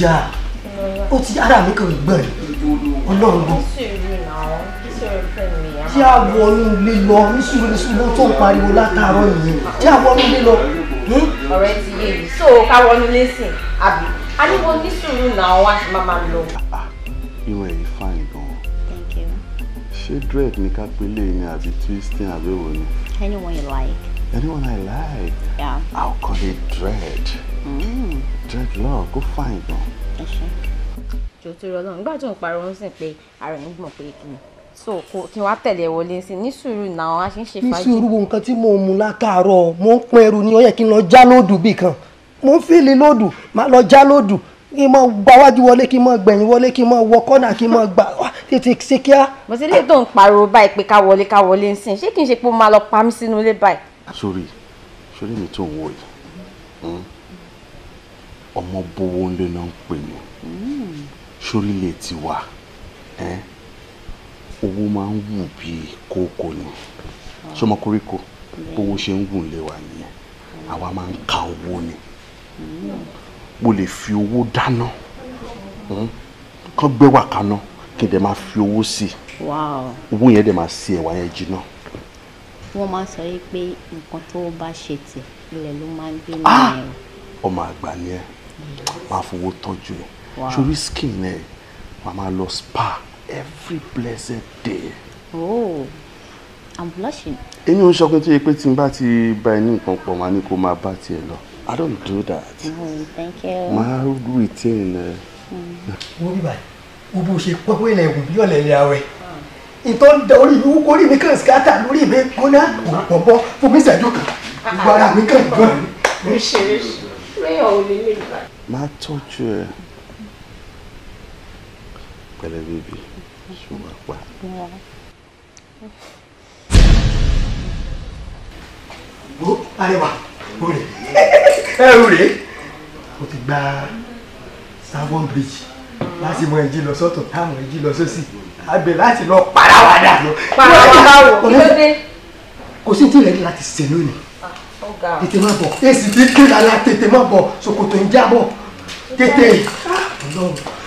yá ó ti ara mi kàn gbọ̀n ọlọ́run gbọ́. tí a wọnú ilé lọ nísìnyí nísìnyí tó ń pariwo látàárọ̀ yìí tí a wọnú ilé lọ. Hmm? ọ̀rẹ́ ti yé mi so ká wọnú ilé sìn àbí a ní wọn ní sùúrù náà wá sí máa máa lọ. irun ah, ah. ẹ̀yìn fine gan-an ṣé dread ni ká pélé ni àbí twisting àbẹ̀wò ni. anyone you like. Anyone I like. Yeah. I'll call it dread. Mm. Dread love. Go find them torí Ọlọ́run nígbà tó ń pariwo ń sìn pé ara ẹ̀ ń gbọ̀n pé kí ni so kí wàá tẹ̀lé wọlé sí ní sùúrù náà a ṣe ń ṣe fàájì. ní sùúrù nǹkan tí mo mú lákàárọ̀ mo ń pọn ẹrù ni ó kí n lọ já lódù bì kan mo ń fìlì lódù máa lọ já lódù kí n mọ gbáwájú wọlé kí n mọ gbẹ̀yìn wọlé kí n mọ wọ kọ́nà kí n mọ gbà wá títí sí kíá. mo ti lè ń pariwo báyìí pé ká wọlé ká wọlé ń sìn ṣé kí n ṣe pé mo máa lọ pa mí sínú ilé báyìí. sórí sórí mi tó wọ yìí hmm? ọmọ bówó ńlẹ náà ń pè mí hmm sórílẹ̀ tiwa owó máa ń wù bí kókó ni sọmọ koríko bówó ṣe ń gùn lé wa nìyẹn àwa máa ń ka owó ni hmm. mo lè fi owó dáná hmm? kán gbé wà kaná kí n dẹ̀ máa fi owó sí i owó yẹn dẹ̀ máa ṣe ẹ̀wà yẹn jiná. wọ́n máa ń sọ yìí pé nǹkan tó bá ṣe tì ilẹ̀ ló máa ń gbé ah! nínú ẹ̀. ọmọ àgbà ni ẹ máa fowó tọ́jú ẹ̀ sórí skin ẹ wàá máa lọ spa every blessed day. oh i'm blushing. èmi ò ń sọkún tó yẹ pé tí n bá ti bá ẹ ní nǹkan pọ̀ máa ní kó máa bá tiẹ̀ lọ i don't do that. Oh, thank you. máa retain ẹ. wọ́n mm. bí báyìí wọ́n bó ṣe pọ́pọ́ ilẹ̀ ìwọ̀n bí ọ̀lẹ̀ ilẹ̀ awẹ́ ìtọ́ ń da orí mi wúkọ́ orí mi kàn skátà lórí mi gbóná pọ̀pọ̀ fún mi ìṣẹ́jú kan gbọ́ ara mi kàn gbọ́n. má tọ́jú ẹ pẹ̀lẹ́ bèbí ṣùgbọ́n pa. wo arẹwà òrè ẹ òrè o ti gba savon bridge láti mọ ẹjí lọ sọ́tọ̀ táwọn ẹjí lọ sósì abẹ láti lọ parawada lọ. parawada wo kí ló dé. kò sí ní tí ìrẹ́ ní láti ṣe lónìí ah, tètè má bọ̀ èsì tí kí lala tètè má bọ̀ ṣòkòtò ń jábọ̀ tètè. ọlọ́run ah,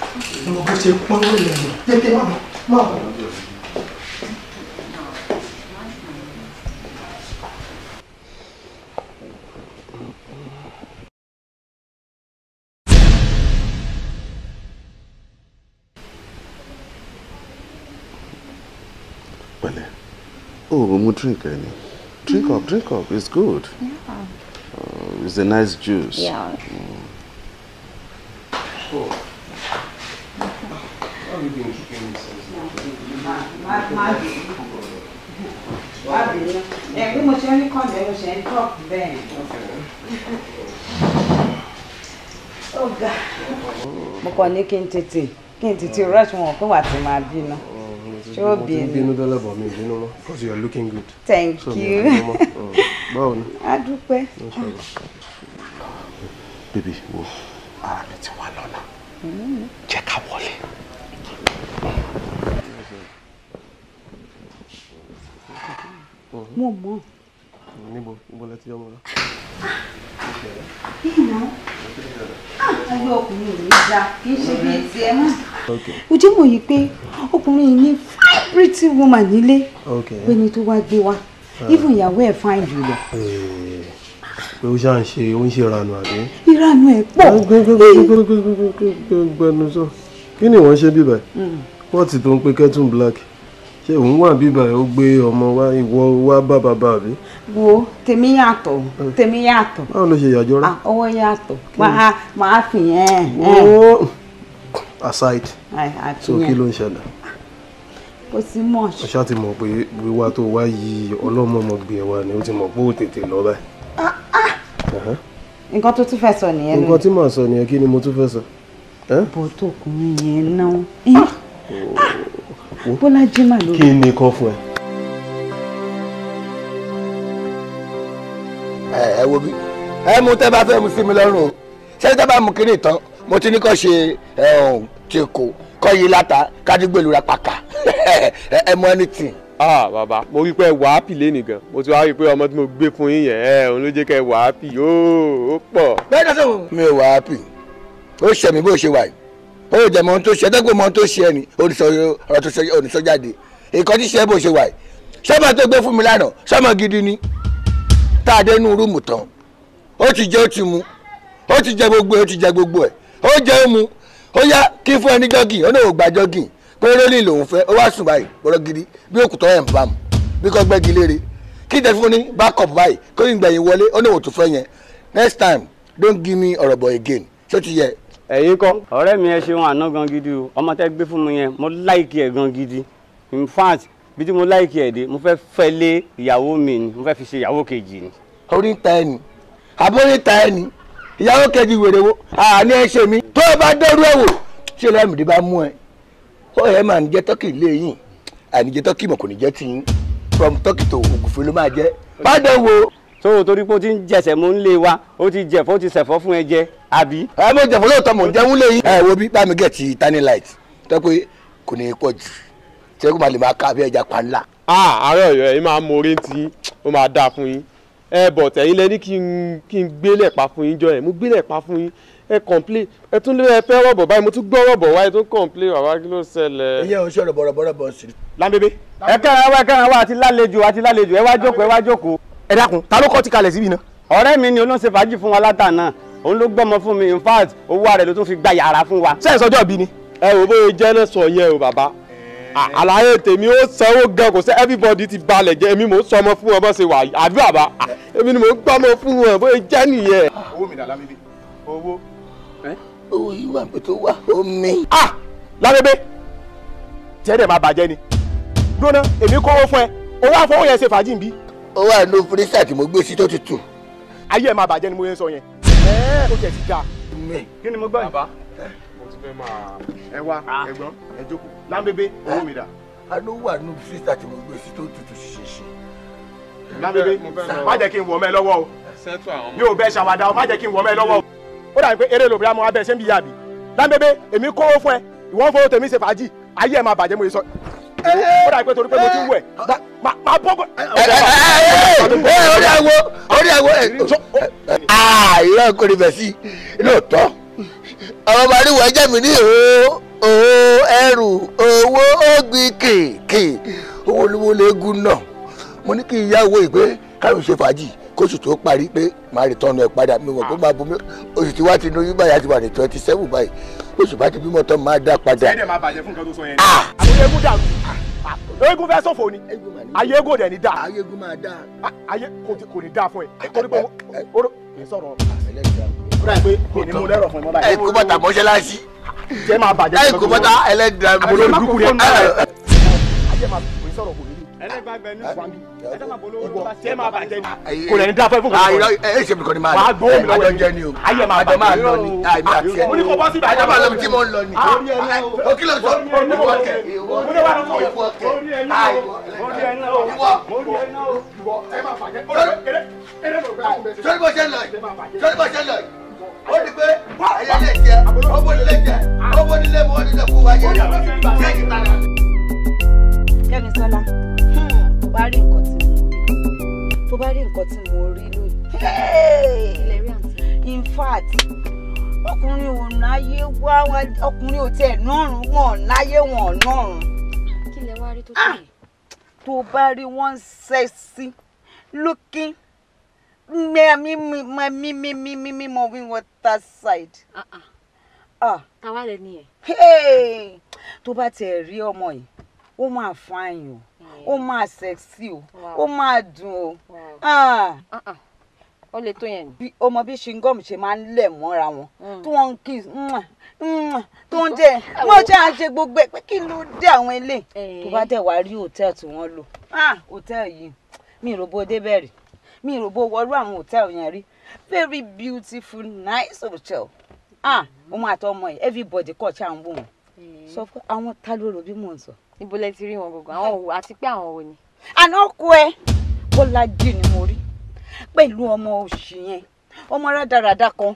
Well, bó ṣe pọ́n lórí going to drink ẹ eh? drink up drink up it's good yeah. uh, it's a nice juice. Yeah. Любимчик, я не sọ. Ẹ pé mo ṣe ń kọ́ mi, mo ṣe ń tọ́ bẹ́ẹ̀. Oh, mo kàn ní kí n tètè kí n tètè rush wọn pé wà á máa bínú. Ṣé ó bínú? Mo ti bínú dọ́là bọ̀ mi bínú mọ́ because you are looking good. Thank so, you. Báwo ni? A dúpẹ́. Bébí wo ara mi ti wà lọ́la. Mm-hmm. mo mọ̀. níbo níbo lẹ ti yọ ọmọ rẹ. ìnà ayé ọkùnrin ò ní da kì í ṣe bíi tiẹ̀ mọ́. ojú mọ̀ yìí pé ọkùnrin yìí ní fine pretty woman nílé pé ni tó wá gbé wa even ìyàwó ẹ̀ fine jù lọ pé ó ṣáà ń ṣe ó ń ṣe ìranù àbí. ìranù ẹ pọ̀. gbẹgbẹgbẹgbẹgbẹgbẹgbẹnu sọ kí ni wọ́n ṣe bíbẹ̀ wọ́n ti tó ń pe kẹ́tùn black ṣé òun wà bíbà ó gbé ọmọ wa ìwọ wa bá bàbá mi. wo tèmi yàtọ̀ tèmi yàtọ̀. báwo ló ṣe yàjọ rẹ. Ah, ọwọ́ yàtọ̀ máa máa fi yẹn. wo aside so kí ló ń ṣẹlẹ̀. kò sí mọ̀. o ṣáà ti mọ̀ pé wíwá tó wá yìí ọlọ́mọ ọmọ gbé ẹ wá ni o ti mọ̀ pé ó tètè lọ báyìí. Ah, ah. nǹkan tó tún fẹ́ sọ nìyẹn. nǹkan tí màá sọ nìyẹn kí ni mo tún fẹ́ sọ. bọ́tò ọkùnrin yẹn náà. Bọ́lájí mà lórí. Kí ni kọ́ fún ẹ? Ẹ ẹ wo bí ẹ mú tẹ́ bá fẹ́ mu sí mi lọ́rùn o ṣé tẹ́ bá mú kíní tán mo ti ní kọ́ ṣe ẹ̀ kọ́ yìí láta kádígbèlú ra pàkà ẹ mọ anything ah bàbá mo rí pé wàá pì lé nìkan mo ti wá rí pé ọmọ tí mo gbé fún yín yẹn ẹ òun ló jẹ́ kẹ́ wàá pì ó pọ̀. bẹ́ẹ̀ ni sọ mi ò wàá pì ó ṣẹ̀mí bó ṣe wà yìí ó dẹ̀ mọ́ tó ṣe ẹ̀dẹ́gbọ̀n mọ́ tó ṣe ẹ̀ ní onísọjáde ìkọ́ tí ṣe é bó ṣe wà yìí sọ́mọ tó gbé fún mi lánàá sọ́mọ gidi ni tá a dé inú rúùmù tán ó ti jẹ ó ti mu ó ti jẹ gbogbo ẹ ó ti jẹ gbogbo ẹ ó jẹ ó mu ó yá kí fún ẹni jọ́gìn ó náà ò gbà jọ́gìn pé rólì lòun fẹ́ ó wá sùn báyìí bọ́rọ̀ gidi bí òkùtọ́ ẹ̀ ń bá mu bí kò gbẹ́gi léèrè kí tẹ fún ní backup báyìí kó ìgbẹ̀yìn wọlé ó náà ò tún fẹ́ yẹn next time don't give me ọ̀rọ̀ bọ̀ again ṣó ti yẹ ẹ̀yin kọ́. ọ̀rẹ́ mi ẹ ṣeun àná gan gidi o ọmọ tẹ́ gbé fún mi yẹn mo láìkí ẹ̀ gan gidi in fact bí tí mo láìkí ẹ̀ dé mo fẹ́ fẹ́ lé ìyàwó mi ni mo fẹ́ fi ṣe ìyàwó kejì ni. orí ta ẹ nì àbórí ta ẹ nì ìyàwó kejì wèrè wo àní ẹ ṣe mi tó o bá dẹrú ẹ wò ṣé lẹ́mìdí bá mú ẹ ó ẹ máa ń jẹ tọ́kì lẹ́yìn àníjẹ tọ́kì mọ̀ kò ní jẹ́ tiyín from tọ́kì tó ògùfẹ́ ló máa jẹ́ bá dẹ̀ wo tó torí pé ó ti ń jẹsẹ̀ mọ́ ń lé wa ó ti jẹ̀fọ́ ó ti sẹ̀fọ́ fún ẹ jẹ àbí. ẹ mo jẹ̀fọ́ lóòótọ́ mò ń jẹun lé yín. ẹ wo bí bámi gẹ̀ ti tani light tẹ́ pé kò ní í pọ̀ jù ṣé kó máa lè máa ká bí ẹja pa ńlá. àárọ̀ ọ̀yọ́ yìí máa mú orin tí ó máa dáa fún yín ẹ bọ̀ tẹ̀yìn lẹ́ni kí n gbélé pa fún yín jọ ẹ̀ mo gbélé pa fún yín ẹ kọ̀ǹplé ẹ tún lé ẹ fẹ́ rọ̀bọ̀ báyìí mo tún gbọ́ rọ̀bọ̀ wáyé tó kọ̀ǹplé wàwá kí ló ṣẹlẹ̀. iye oṣù rọ̀bọ̀rọ̀bọ̀rọ̀bọ̀ sí. lámbébé ẹ kẹ́ra wá ẹ kẹ́ra wá àti lálejò àti lálejò ẹ wá jókòó ẹ wá jókòó ẹ dákun ta ló kọ́ ti kalẹ̀ síbi náà. ọ̀rẹ́ mi ni olóńṣe fàájì fún wa látànà òun ló gbọ́mọ fún mi in fact owó rẹ̀ ló tún fi gba yàrá fún wa. ṣé ìsọjọ́ bí ni. ẹ wò bóyá jẹ́ náà sọ yẹn o bàbá àlàyé tèmi ó sanwó gan kò sẹ́ everybody ti balẹ̀ jẹ́ èmi mò ń sọmọ fún wọn bó ṣe wà àbí bàbá èmi ni mò ń gbọ́mọ fún wọn bóyá jẹ́ nìyẹn. owó mi dàda mi bí owó. owó yìí wà pé tó wà omi. ah lábẹ́bẹ́ tiẹ̀ dẹ̀ máa bàjẹ́ ni gbóná èmi kówó fún ẹ owó àfọwọ́ yẹn ṣe fàájì ń bí ó wà ní fúrísà tí mo gbé sí tó tutù. ayé ẹ̀ máa bàjẹ́ ni mo yẹn sọ yẹn ó jẹ́ ti da kí ni mo gbọ́ yìí. bàbá mo ti fẹ́ máa ẹ wá ah. ẹ̀gbọ́n ẹ jókòó lámbébé owó mi dà. a ló wà ní fúrísà tí mo gbé sí tó tutù ṣiṣẹ́. lámbébé má jẹ́ kí n wọ̀ mẹ́ lọ́wọ́ o yóò bẹ́ ṣàwádà o má jẹ́ kí n wọ̀ mẹ́ lọ́wọ́ o. ó dàbí pé eré lòbìrì àmọ́ abẹ́ ṣé ń bí yàbí lámbébé èmi kó fún ẹ ìwọ́n fowó tèmi ṣe fàájì ayé ẹ̀ máa bàjẹ́ mo yẹ sọ dùn mí ó dà pé torí pé mo ti wẹ̀ máa bọ́. orí àwo orí àwo àìrọ̀ eh, eh, ah, kò rí bẹ̀ sí lóòótọ́ ọ̀rọ̀ màrí wọ̀ ẹjẹ́ mi ní òó òó ẹrù owó ògbìn kèké owó olówó léegun náà mo ní kí ìyá owó ìpè káyọ̀ ṣe fàájì kóṣù tó parí pé màá rí tọ́nu ẹ̀ padà mi wọ̀ pé màá bomi oṣù tí wàá ti nu yín báyìí àti wà ní twenty seven báyìí oṣù bá ti bímọ tán máa dá padà. ṣé ẹ dẹ̀ máa bàjẹ́ fún nǹkan tó sọ yẹn. àwọn eégún dàrú eégún fẹ́ sọ̀fọ̀ ni ayé eégún dẹ̀ ni dáa. ayé eégún máa dáa. ayé kò ní dáa fún ẹ torí pé oró sọ̀rọ̀ kúrẹ́ pé kò ní lẹ́rọ̀ fún ẹ mọ́ báyìí. ẹ kó bàtà mọ́ṣáláṣí. jẹ́ ẹ kó bàtà ẹlẹ́dàá mi. àbúrò dúkú ẹ. ajẹ́ máa kò ní sọ̀rọ̀ kò ní ẹlẹgbàgbẹ ní ìwà mi ẹ dábàá polówó ló bá ṣe máa bàjẹ́ ni. kò lè ní dáfẹ́ fún mi. ẹ ẹ ṣe mi kàn ní máa lọ àjọ ń jẹ ni o àjọ máa lọ ni àìmí àti ẹ. mo ní kò bọ́ síbi àjọ máa lọ mi tí mo ń lọ ni. Ah, o ah, kí ló sọ ìwọ kẹ ìwọ ìwọ kẹ ah, ìwọ ìwọ ẹ máa bàjẹ́. sọ́ni bó ṣe ń lọ yìí sọ́ni bó ṣe ń lọ yìí ó di pé ẹyẹ lè jẹ ọmọ nílé jẹ ọmọ nílé mọ́ nílé fún wáyé ṣé ìtara. Kẹ́mi sọ́lá bá rí nǹkan tí mo rí tó bá rí nǹkan tí mo rí lónìí in fact ọkùnrin ò náyé wá ọkùnrin ò tiẹ̀ nọ́rùn wọn náyé wọn nọ́rùn. kí lẹ wá rí tó kéré. Ah! tó bá rí wọn sexy looking mi mi mi mi water side. Ah, ah. tàwa lẹ ni ẹ. tó bá tiẹ̀ rí ọmọ yìí ó máa fààyàn ó máa sẹ́ksì o ó máa dùn o. Ah. Uh-uh. ó lè tó yẹn. bí ọmọ bí shingom ṣe máa ń lẹ̀ mọ́ra wọn mm. tí wọ́n ń kí tó ń jẹ wọ́n jẹ́ àṣẹ gbogbo ẹ̀ pé kí ló dé àwọn ilé tó bá eh. dẹ̀ wá rí hòtẹ́ẹ̀lì tí wọ́n lò ah. hòtẹ́ẹ̀lì yìí mi ò rò débẹ̀ rí mi ò rò wọlú àwọn hòtẹ́ẹ̀lì yẹn rí very beautiful nice hotel ah òun mm-hmm. àtọmọ yìí everybody kọ̀ ṣáà ń wò wọ́n eh. sọ fún àwọn ta ló rò bí mò ń sọ níbo le ti rí wọn gbogbo àwọn òwò àti pé àwọn òwò ni. àná kú ẹ Bọ́lájí ni mo rí pẹ̀lú ọmọ òṣì yẹn ọmọ rádaràda kan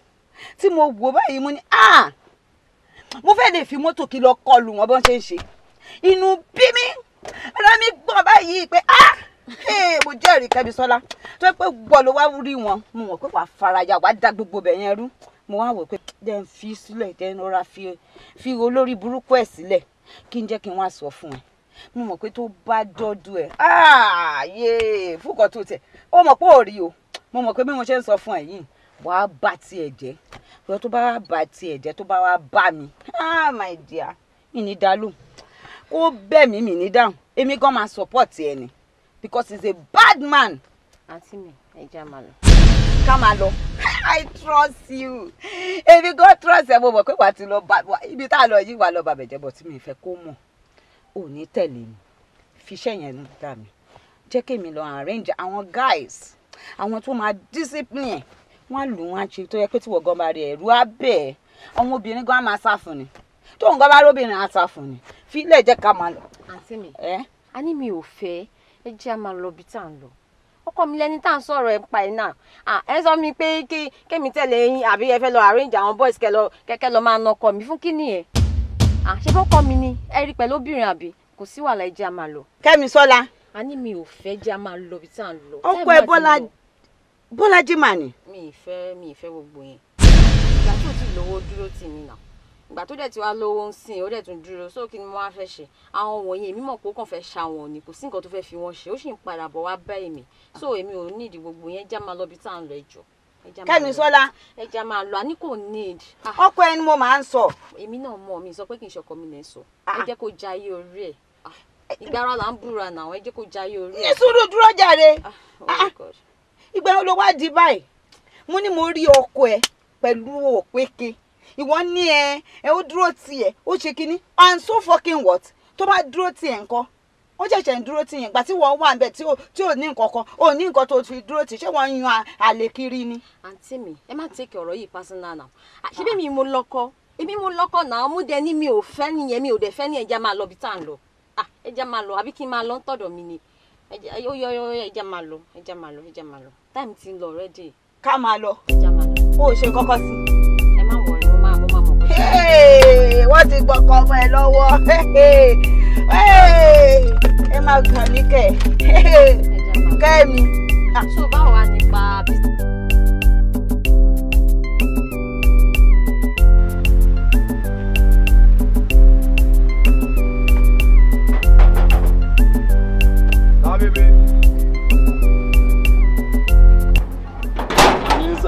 tí mo wò báyìí mo ní ah! mo fẹ́ lè fi mọ́tò kí lọ kọlù wọn bọ́n ṣe ń ṣe inú mi ara mi gbọ́n báyìí pé ah! mo jẹ́rìí Kẹ́misọ́lá tó yẹ pé gbọ́ ló wá rí wọn mo mọ̀ pé wàá faraya wa da gbogbo bẹ̀ yẹn rú mo wá wò pé jẹ́ ń fi sílẹ̀ jẹ́ ń rọra fi olórí burúkú ẹ̀ sílẹ̀ kí n jẹ́ kí n wá sọ fún ẹ mo mọ̀ pé tó bá dọ́dọ̀ ẹ̀ ààyè ah, fúkọ̀ tó tẹ̀ ó mọ̀ pé ò rí o mo mọ̀ pé bí mo ṣe ń sọ fún ẹ yìí wàá bá tiẹ̀ jẹ́ lọ tó bá wá bá tiẹ̀ jẹ́ tó bá wá bá mi ah my dear mi ní dálò kó bẹ̀ mí mi ní dáhùn èmi gan máa support ẹ ni because he's a bad man. àǹtí mi ẹ já ká lọ i trust you èmi gan trust ẹ mo mọ̀ pé wàá ti lọ bá ibi tá a lọ yìí wàá lọ bàbẹ̀ jẹ́ bọ̀ tí mi fẹ́ kó mọ̀ ò ní tẹ̀lé mi fiṣẹ́ yẹn dà mí jẹ́ kí èmi lọ arrange àwọn guys àwọn tó máa discipline wọn lù wọn ṣe tó yẹ pé tí wọ́n gan bá rí ẹ̀rú á bẹ̀ ẹ́ àwọn obìnrin gan máa sá fún ni tó ń gan bá róbìnrin á sá fún ni fílẹ̀ jẹ́ ká máa lọ. àǹtí mi a ní mi ò fẹ́ ẹ jẹ́ a máa lọ bí tá à ń lọ ọkọ mi lẹni tá à ń sọ̀rọ̀ ẹ̀ pa ẹ̀ náà ẹ sọ mi pé kí kẹ́mi tẹ̀lé yín àbí ẹ fẹ́ lọ arrange àwọn boys kẹ́kẹ́ lọ máa na ọkọ mi fún kíni ẹ̀ ṣé fọ́kọ mi ni ẹ rí pẹ̀lú obìnrin àbí kò sí wàhálà ẹ jẹ́ a máa lọ. kẹ́mi sọ́la. a ní mi ò fẹ́ jẹ́ a máa lọ ibi tá à ń lọ. ọkọ ẹ bọ́lá bọ́lá jimá ni. mi ì fẹ́ mi ì fẹ́ gbogbo yẹn ìgbà tó ti lówó dúró tì mí náà ìgbà tó dẹ̀ ti wá lówó ń sìn ó dẹ̀ tún dúró sóò kí ni mo wá fẹ́ ṣe àwọn wọ̀nyí èmi mọ̀ pé ó kàn fẹ́ ṣa wọn ni kò sí nǹkan tó fẹ́ fi wọn ṣe ó sì ń padà bọ̀ wá bá èmi so èmi ò ní ìdí gbogbo yẹn já máa lọ bí tá à ń lọ ẹjọ́. kẹ́mi sọ́lá ẹja máa lọ àní kò need. Ah. ọkọ ẹni mo máa ń sọ. èmi náà mọ̀ mi sọ pé kì í ṣọkọ mi lẹ́ sọ ah. ẹ jẹ́ kó jayé orí ẹ̀ ah. ìgbára là ń búra náà ẹ jẹ́ kó jayé orí oh di báyìí mo ní mo ẹ ìwọ ní ẹ ẹ ó dúró tiẹ̀ ó ṣe kínní and so fucking what tó bá dúró tiẹ̀ ńkọ́ ó ṣẹ̀ṣẹ̀ ń dúró tiẹ̀ ìgbà tí wọ́n wà níbẹ̀ tí ò ní nǹkan kan ò ní nǹkan tó fi dúró tì ṣé wọ́n yan àlè kiri ni. àǹtí mi ẹ má take ọ̀rọ̀ yìí personal now ah, ṣebí mi mo lọ́kọ èmi mo lọ́kọ náà mú dẹ ní mi ò fẹ́ nìyẹn mi ò dẹ̀ fẹ́ ní ẹja máa lọ bí tá à ń lọ ah, ẹja máa lọ àbí kí n máa lọ ń tọ̀dọ̀ mi ni ó yọ ẹja máa lọ ẹja máa lọ ẹja máa lọ táìmù ti ń lọ already. ká máa lọ o ò ṣe kọ́kọ́ sí i wọ́n ti gbọ́kọ ọmọ ẹ lọ́wọ́ ẹ máa gbọ̀n ní kẹ̀ kẹ́mi. tó ah. báwo wá ti pa bìtì.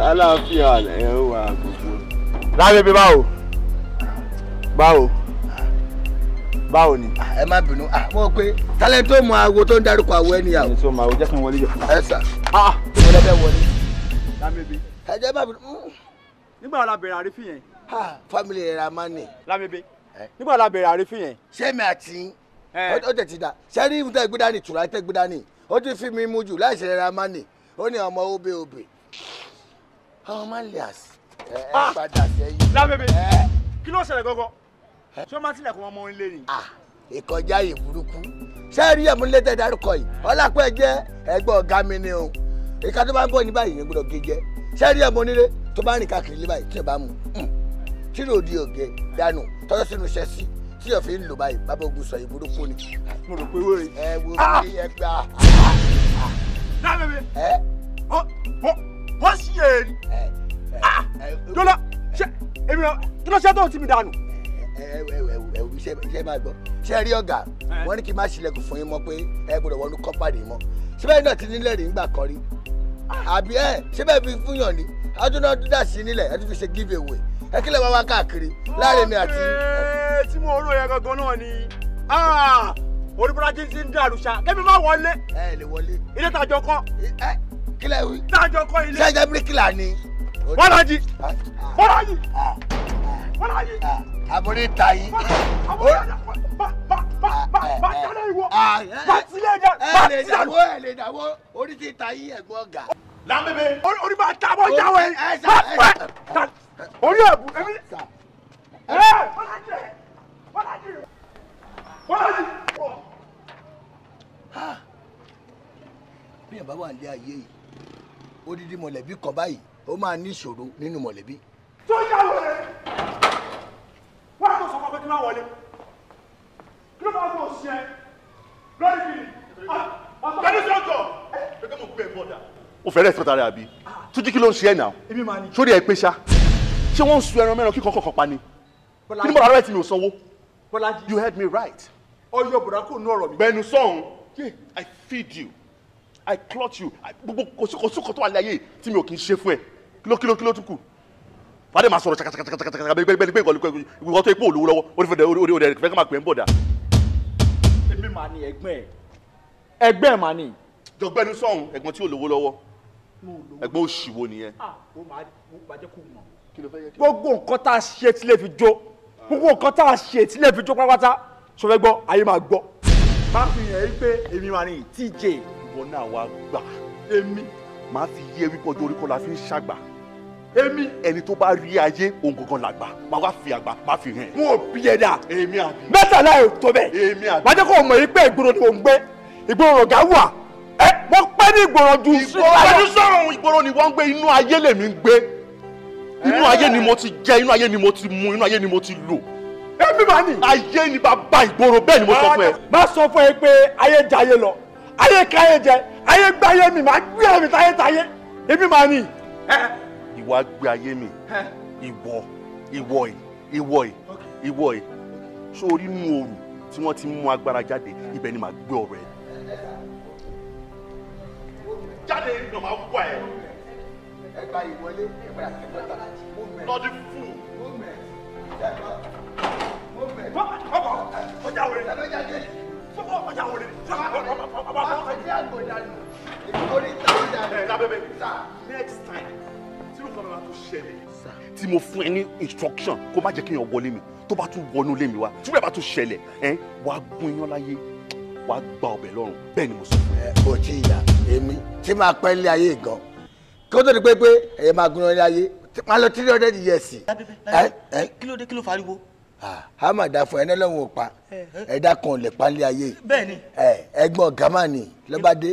aláàfíà ẹ̀ wà gbogbo. lábẹ́bí báwo báwo báwo ni. Ah, ẹ má bínú ah, mo pe tálẹ̀ tó mọ àwo tó ń darúkọ àwo ẹni yà. ẹni tó mọ àwo jẹ́ kí n wọlé jọ. ẹ sà ah. mo lọ bẹ wọlé. lámìbí. ẹ jẹ́ má bínú. nígbà wo la bẹ̀rẹ̀ àrífín yẹn. family rẹ̀ la máa ń nì. lámìbí nígbà wo la bẹ̀rẹ̀ àrífín yẹn. ṣé mi àti ó tẹ̀ ti dà sẹ́rí ìfúntà ìgbéda ni tùrà tẹ̀ gbéda ni ó ti fi mi mú jù láì ṣẹlẹ̀ ra máa nì ó ní ọmọ obe obe ọmọ máa lè àsì ṣé o máa tilẹ̀kùn ọmọ orin lé ni. ìkọjá yìí burúkú ṣé rí ẹ̀múlẹ́tẹ̀ dárúkọ yìí ọlápẹ́ jẹ́ ẹgbẹ́ ọ̀gá mi ni o ìka tó bá ń bọ̀ ní báyìí yẹn gbọ́dọ̀ gé jẹ́ ṣé rí ẹ̀mú onílé tó bá ń rìn káàkiri lé báyìí tí o bá mú hmm. tí o di ògè dànù tọ́jọ́ sínú iṣẹ́ sí tí o fi ń lò báyìí bàbá ogun sọ yìí burúkú ni. mo rò pé wéèrè. ẹ wo ah! bí ẹ gbà. dábẹ́bẹ́ wọ́n ṣì yé e ni. Ah! dọ́là ṣe èmi iṣẹ́ iṣẹ́ máa gbọ́ ṣé rí ọ̀gá wọ́n ní kí n má ṣílẹ̀kùn fún yín mọ́ pé ẹ gbọ́dọ̀ wọnú kọ́pàdé mọ́ ṣé bẹ́ẹ̀ náà ti nílẹ̀ rí ńgbà kan rí àbí ẹ ṣé bẹ́ẹ̀ fi fún yàn ni adúná dúdà sí nílẹ̀ ẹ tún fi ṣe give away ẹ kílẹ̀ wá wá káàkiri láàrin mi àti. tí mo rò yẹ gangan náà ni ah! oníbúrájí ti ń dàrú ṣá kébí má wọlé. ẹ lè wọlé. ilé tàjọ kọ́. ẹ kílẹ̀ wí. tàjọ kọ́ ilé. ṣé ẹ jẹ́ bíríkìlà ni. bọ́lájì bọ́lájì. Ah, ah àbúrò ta yìí. bàtàlẹ̀ ìwọ bàtìlẹ̀ jẹ bàtìlẹ̀. ẹ lè dàwọ orí ti ta yìí ẹ̀gbọ́n ọ̀gá. lámbébé. orí máa ta bọ́ jáwé. Eh, eh, orí ẹ̀bù ẹ̀mí. Bọ́lájí Bọ́lájí Bọ́lájí. bí bàbá wà ní ayé yìí odidi mọ̀lẹ́bí kan báyìí ó máa ní ìṣòro nínú mọ̀lẹ́bí. tó yà wọlé wọ́n á tó sọ fún ọ pé kí wọ́n wọlé kí ló máa ń lò sí ẹ lórí kìnnì kẹ́ni sọ́tọ̀ pẹ̀lú mo gbé bọ́dà. o fẹ́rẹ̀ sọ́tà rẹ̀ àbí ah. túnjí kí ló ń ṣe ẹ̀ náà sórí ẹ̀ pé ṣá ṣé wọ́n ń sun ẹran mẹ́ran kíkọ́ kọ̀ọ̀kan pa ni kí ni mo rà rẹ̀ tí mi ò sanwó you heard me right. ọyọ bùrákù nú ọ̀rọ̀ mi. bẹ́ẹ̀ni sọhùn i feed you i clothe you gbogbo kòsókòsókò tó wà láyé tí mi ò kì í ṣe fún ẹ kí ló kí ló kí ló tún kù wàá dẹ̀ máa sọ̀rọ̀ ṣakaṣakaṣakaṣaka gbẹgbẹgbẹ ìwọ tó ipò olówó lọ́wọ́ ó ní fẹ́ orí orí ẹ̀rẹ̀ fẹ́ ká máa pè é ń bọ̀dà. èmi màá ní ẹgbẹ́ ẹ ẹgbẹ́ ẹ màá ní. jọgbẹ́ni sọ̀hún ẹ̀gbọ́n tí olówó lọ́wọ́ ẹ̀gbọ́n òṣìwò nìyẹn. gbogbo nǹkan tá a ṣe tí lè fi jó gbogbo nǹkan tá a ṣe tí lè fi jó pátápátá sọfẹ́ gbọ́ ayé máa gbọ́. má fi hàn yín èmi màá ní èmi ẹni tó bá rí ayé òun gangan làgbà máa wá fi àgbà máa fi hàn ẹ́. wọn ò bí ẹ dà. èmi àbí. mẹ́tàlá ẹ̀ tó bẹ́ẹ̀. èmi àbí. wàá jẹ́ kó o mọ̀ yìí pé ìgboro ni mò ń gbé ìgboro rọ̀gá wà ẹ wọ́n pẹ́ ní ìgboro ju. ìgboro sọ̀rọ̀ ìgboro ni wọ́n ń gbé inú ayé lèmi ń gbé inú ayé ni mo ti jẹ inú ayé ni mo ti mu inú ayé ni mo ti lò. ẹbí máa ní. ayé ni bàbá ìgboro bẹ́ẹ̀ ni mo sọ fún ẹ. má sọ fún ẹ pé ayé jẹ ayé lọ ayé ká ayé jẹ ayé gbá ayé mi máa gbé ẹ̀mí ìwà gbé ayé mi ìwọ ìwọ yìí ìwọ yìí ìwọ yìí sórí inú ooru tí wọ́n ti mú agbára jáde ibẹ̀ ni màá gbé ọ̀rọ̀ ẹ. jáde nà máa wà ẹ. ẹ gba ìwọlé ẹ gba ìwọlé lọ́dún fún un. bọ́bọ̀ ọjà wẹ̀rẹ̀ ọjà wẹ̀rẹ̀ ọjà wẹ̀rẹ̀. next time tó ṣẹlẹ̀ tí mo fún ẹ ní instruction kó má jẹ́ kí èèyàn wọlé mi tó bá tún wọnú lé mi wá tí bẹ́ẹ̀ bá tún ṣẹlẹ̀ ẹ wàá gún iyán láyé wàá gba ọbẹ̀ lọ́rùn bẹ́ẹ̀ ni mo sọ. ẹ kò tí ì yá èmi tí máa pẹ́ lé ayé gan kí ó tó di pé pé ẹ̀yẹ máa gún iyán lé ayé máa lọ three hundred years. kí ló dé fariwo a máa da fún ẹ lọ́wọ́ pa ẹ̀dá kan lè palẹ̀ ayé ẹ̀gbọ́n gamani lọ́bàdé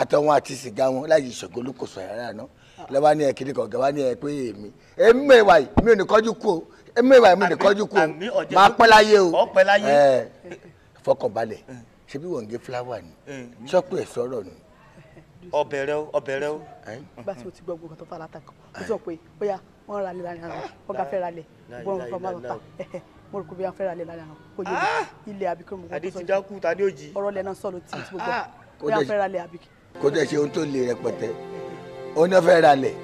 àtọwọn àti sìgá wọn láyé ìṣògo ló kò sọ yàrá náà lẹ́wà ní ẹ̀ kiri kan gẹ̀wà ní ẹ̀ pé èmi èmi mẹ́wàá yìí mi ò ní kọjú kú o èmi mẹ́wàá yìí mi ò ní kọjú kú o máa pẹ́ láyé o ẹ̀ fọkànbalẹ̀ ṣé bí wọ́n fúláwà ni ṣọ́pù ẹ̀ sọ̀rọ̀ ni. ọbẹ̀ rẹ o ọbẹ̀ rẹ o. nígbà tí o ti gbọ́ gbogbo tó fara ta kan o sọ pé bóyá wọ́n ra lè lára àwọn ọ̀gá fẹ́ ra lẹ̀ bọ́ọ̀rùn fún ọmọ àlọ́ta mo rò pé bóyá fẹ́ ra lẹ̀ lára àwọn kò yé ah! ilé àbíkú mo kò sọ ọ̀rọ̀ lẹ́nu sọ̀rọ̀ tí mo gbọ́ ah! bóyá fẹ́ ra lẹ̀ àbíkú. kò dẹ̀ ṣe ohun tó le rẹpẹtẹ òun náà fẹ́ ra lẹ̀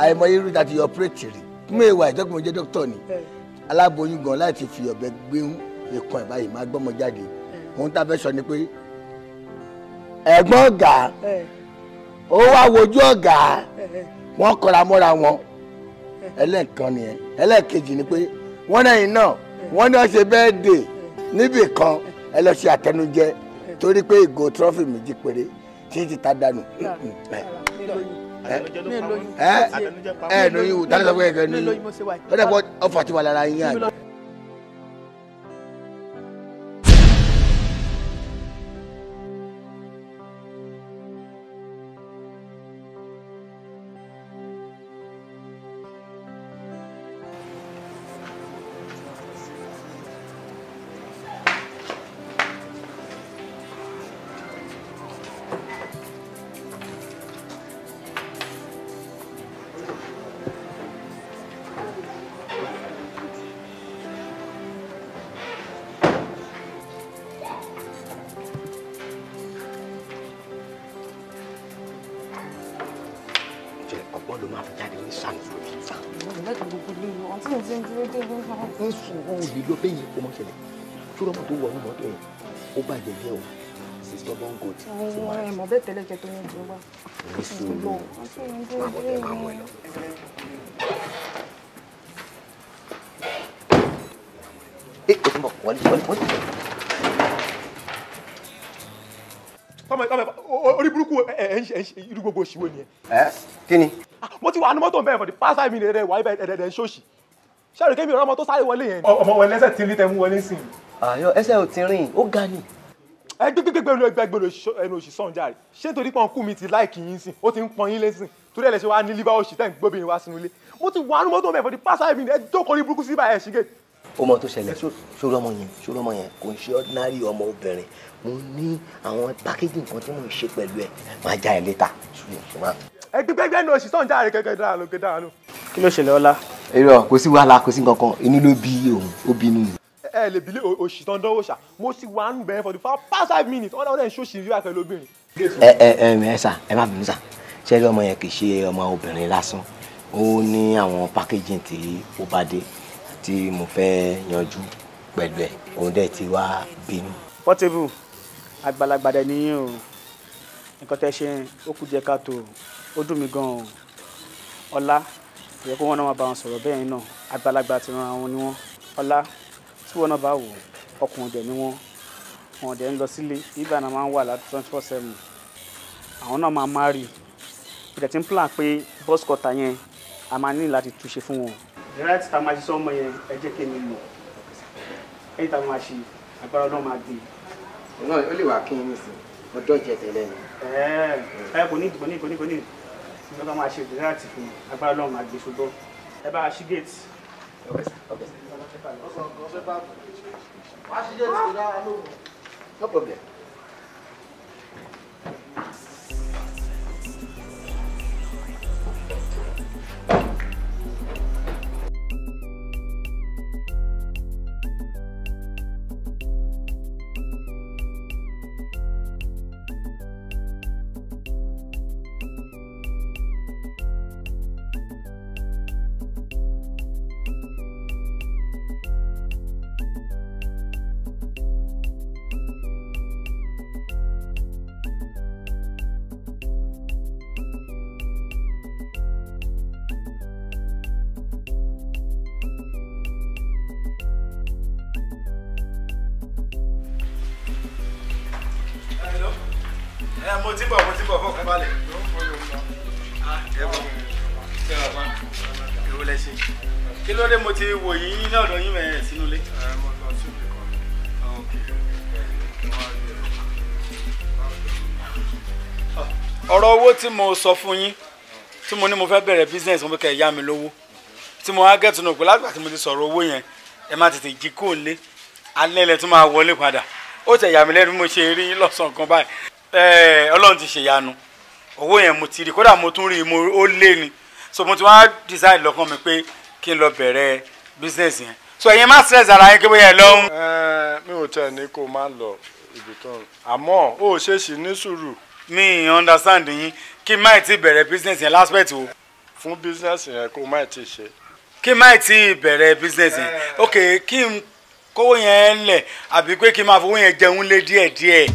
àìmọ irú ta ti ọpẹ́rẹ́tì rí mú ìwà ìtọ́kùnrin jẹ́ dókítà ni aláboyún gan láti fi ọ̀bẹ gbé ikùn ẹ̀ báyìí máa gbọ́mọ jáde òun tá a fẹ́ sọ ni pé ẹ̀gbọ́n ọ̀gá ó wá wojú ọ̀gá wọ́n kọra mọ́ra wọn ẹlẹ́ẹ̀kan nìyẹn ẹlẹ́ẹ̀kejì ni pé wọ́n náà yìí náà wọ́n ní ọ̀sẹ̀ bẹ́ẹ̀ dè níbì kan ẹ lọ ṣe àtẹnujẹ torí pé ìgò trọ́fì méjì péré tí ti ta dànù ẹ ẹ lóyún tani sọ pé ẹ kẹ lóyún ó dàpọ̀ ọfà ti wà lára yín àgbẹ̀. ń sùn wọn ò lè lọ bẹ́ẹ̀ yẹn kó mọ́ ṣẹlẹ̀ tó lọ́mọ tó wọ ọmọ mọ́tò yẹn ó bàjẹ́ jẹ́ o sì stubborn god ti máa rẹ̀. mọ̀ bẹ́ẹ̀ tẹ́lẹ̀ jẹ́ tó ní ìdúró wá. ní sùúrù máa mọ̀ tẹ́ máa mọ̀ ẹ lọ. ẹ kò tún bọ̀ wọlé wọlé wọlé. tọ́mọ̀ tọ́mọ̀ orí burúkú ẹ̀ ń ṣe irú gbogbo de nìyẹn. ẹ kí ni. mo ti wà ní mọ́tò bẹ́ẹ̀ ṣáàrì kébì ọ̀rọ̀ ọmọ tó sáré wọlé yẹn. ọmọ wọn lẹ́sẹ̀ tí ń rí tẹ́ mú wọlé sí i. àyọ ẹsẹ̀ ò ti rìn ó ga ni. ẹ gbẹgbẹgbẹrún ẹgbẹgbẹrún ẹnu òṣì sàn jàre ṣé torí pọ́n kú mi ti láìkì yín sìn ó ti ń pọn yín lẹ́sìn torí ẹlẹ́sẹ̀ wa ní líbá òṣì tẹ́ǹ gbóbìnrin wá sínú ilé mo ti wà nínú mọ́tò mẹ́fọ́ di pásá mi ẹ jókòó ní burúkú síbà ẹ̀ ṣígẹ̀. ó mọ tó ṣẹlẹ̀ ṣòro ọmọ yẹn ṣòro ọmọ yẹn kò ń ṣe ordinary ọmọ obìnrin mo ní àwọn packaging kan tí mo ń ṣe pẹ̀lú ẹ̀ máa já ẹ̀ létà ṣùgbọ́n ẹgbẹgbẹ náà òṣìṣẹ́ ọ̀njà rẹ̀ kẹ̀kẹ́ dára ló ké dára ló. kí ló ṣẹlẹ̀ ọlá. irọ́ kò sí wàhálà kò sí kankan inú ló bí òun ó bínú mi. ẹ lè bí òṣìṣẹ́ ọ̀dọ́ òṣà mo sì wà ń bẹ̀rẹ̀ for the past five minutes ọ̀dọ́ ọ̀dọ́ ẹ̀ ń ṣòṣì rí àfẹ́ lóbìnrin. ẹ ẹ ẹ ẹ sà ẹ má bínú sà ṣé rí ọmọ yẹn kì í ṣe ọmọ obìnrin lásán ó ní àwọn packaging tí ó bá dé tí mo fẹ́ yanjú pẹ̀lú ẹ̀ òun dẹ̀ ti wá bínú. Portable àgbàlagbà dẹ̀ nìyẹn o nǹkan tẹ́ ṣe ó kù díẹ̀ káàtó o ó dùn mí gan o ọlá ìyẹn kó wọn náà máa bá wọn sọ̀rọ̀ bẹ́ẹ̀ yẹn náà àgbàlagbà ti ran àwọn ni wọn ọlá tí wọn náà bá wò ọkùnrin dẹ̀ ni wọn wọn dẹ̀ ń lọ sílé ibà náà máa ń wà láti twenty four seven àwọn náà máa má rí ìdẹ̀ tí ń plan pé bọ́s kọta yẹn a máa ní láti túnṣe fún wọn. the right time a ṣe sọ́mọ yẹn ẹ jẹ́ kí n mọ̀ ẹ̀yìn tá a máa ṣe agbára ọlọ́run máa gbé. náà ó lè wà kí n nìsín ọjọ́ ìjẹ tẹ̀lé ni. ẹ ẹ kò ní kò ní kò ní kò ní ní wọn máa ṣe dẹ́rẹ́tì fún agbára lọ́wọ́ máa gbé ṣùgbọ́n ẹ bá ṣí gate. wá ṣí gate kò dára lóhùn. no problem. mo ti bọ̀ mo ti bọ̀ fọkàn balẹ̀. èwo lẹ ṣe kí ló dé mo ti wò yín ní ọ̀dọ̀ yín mẹ́rin sínú ilé. ọ̀rọ̀ owó tí mo sọ fún yín tí mo ní mo fẹ́ bẹ̀rẹ̀ business mo fẹ́ kẹ́ ẹ̀ yá mi lówó tí mo wá gẹ̀tún nù pé lágbà tí mo ti sọ̀rọ̀ owó yẹn ẹ má tètè jí kó lé alẹ́ lẹ máa wọlé padà ó tẹ̀ yà mí lẹ́nu mo ṣe rí lọ́sàn kan báyìí Eh, ọlọ́run ti ṣèyanu owó yẹn mo ti rí kódà mo tún rí mo ó lé ni so mo ti wá decide lọ́kàn mi pé kí n lọ bẹ̀rẹ̀ business yẹn so ẹ̀yin má stress ara yín kí bóyá ẹ lọ́hún. Eh, mi ò tẹ̀ ní kó má lọ ibi tó àmọ́ ó ṣèṣì ní sùúrù. mi understand yín kí má ti bẹ̀rẹ̀ business yẹn láspẹ̀t o. fún business yẹn kó má ti ṣe. kí má ti bẹ̀rẹ̀ business yẹn eh. ok kí n kówó yẹn lẹ̀ àbí pé kí n máa fowó yẹn jẹun lé díẹ̀díẹ̀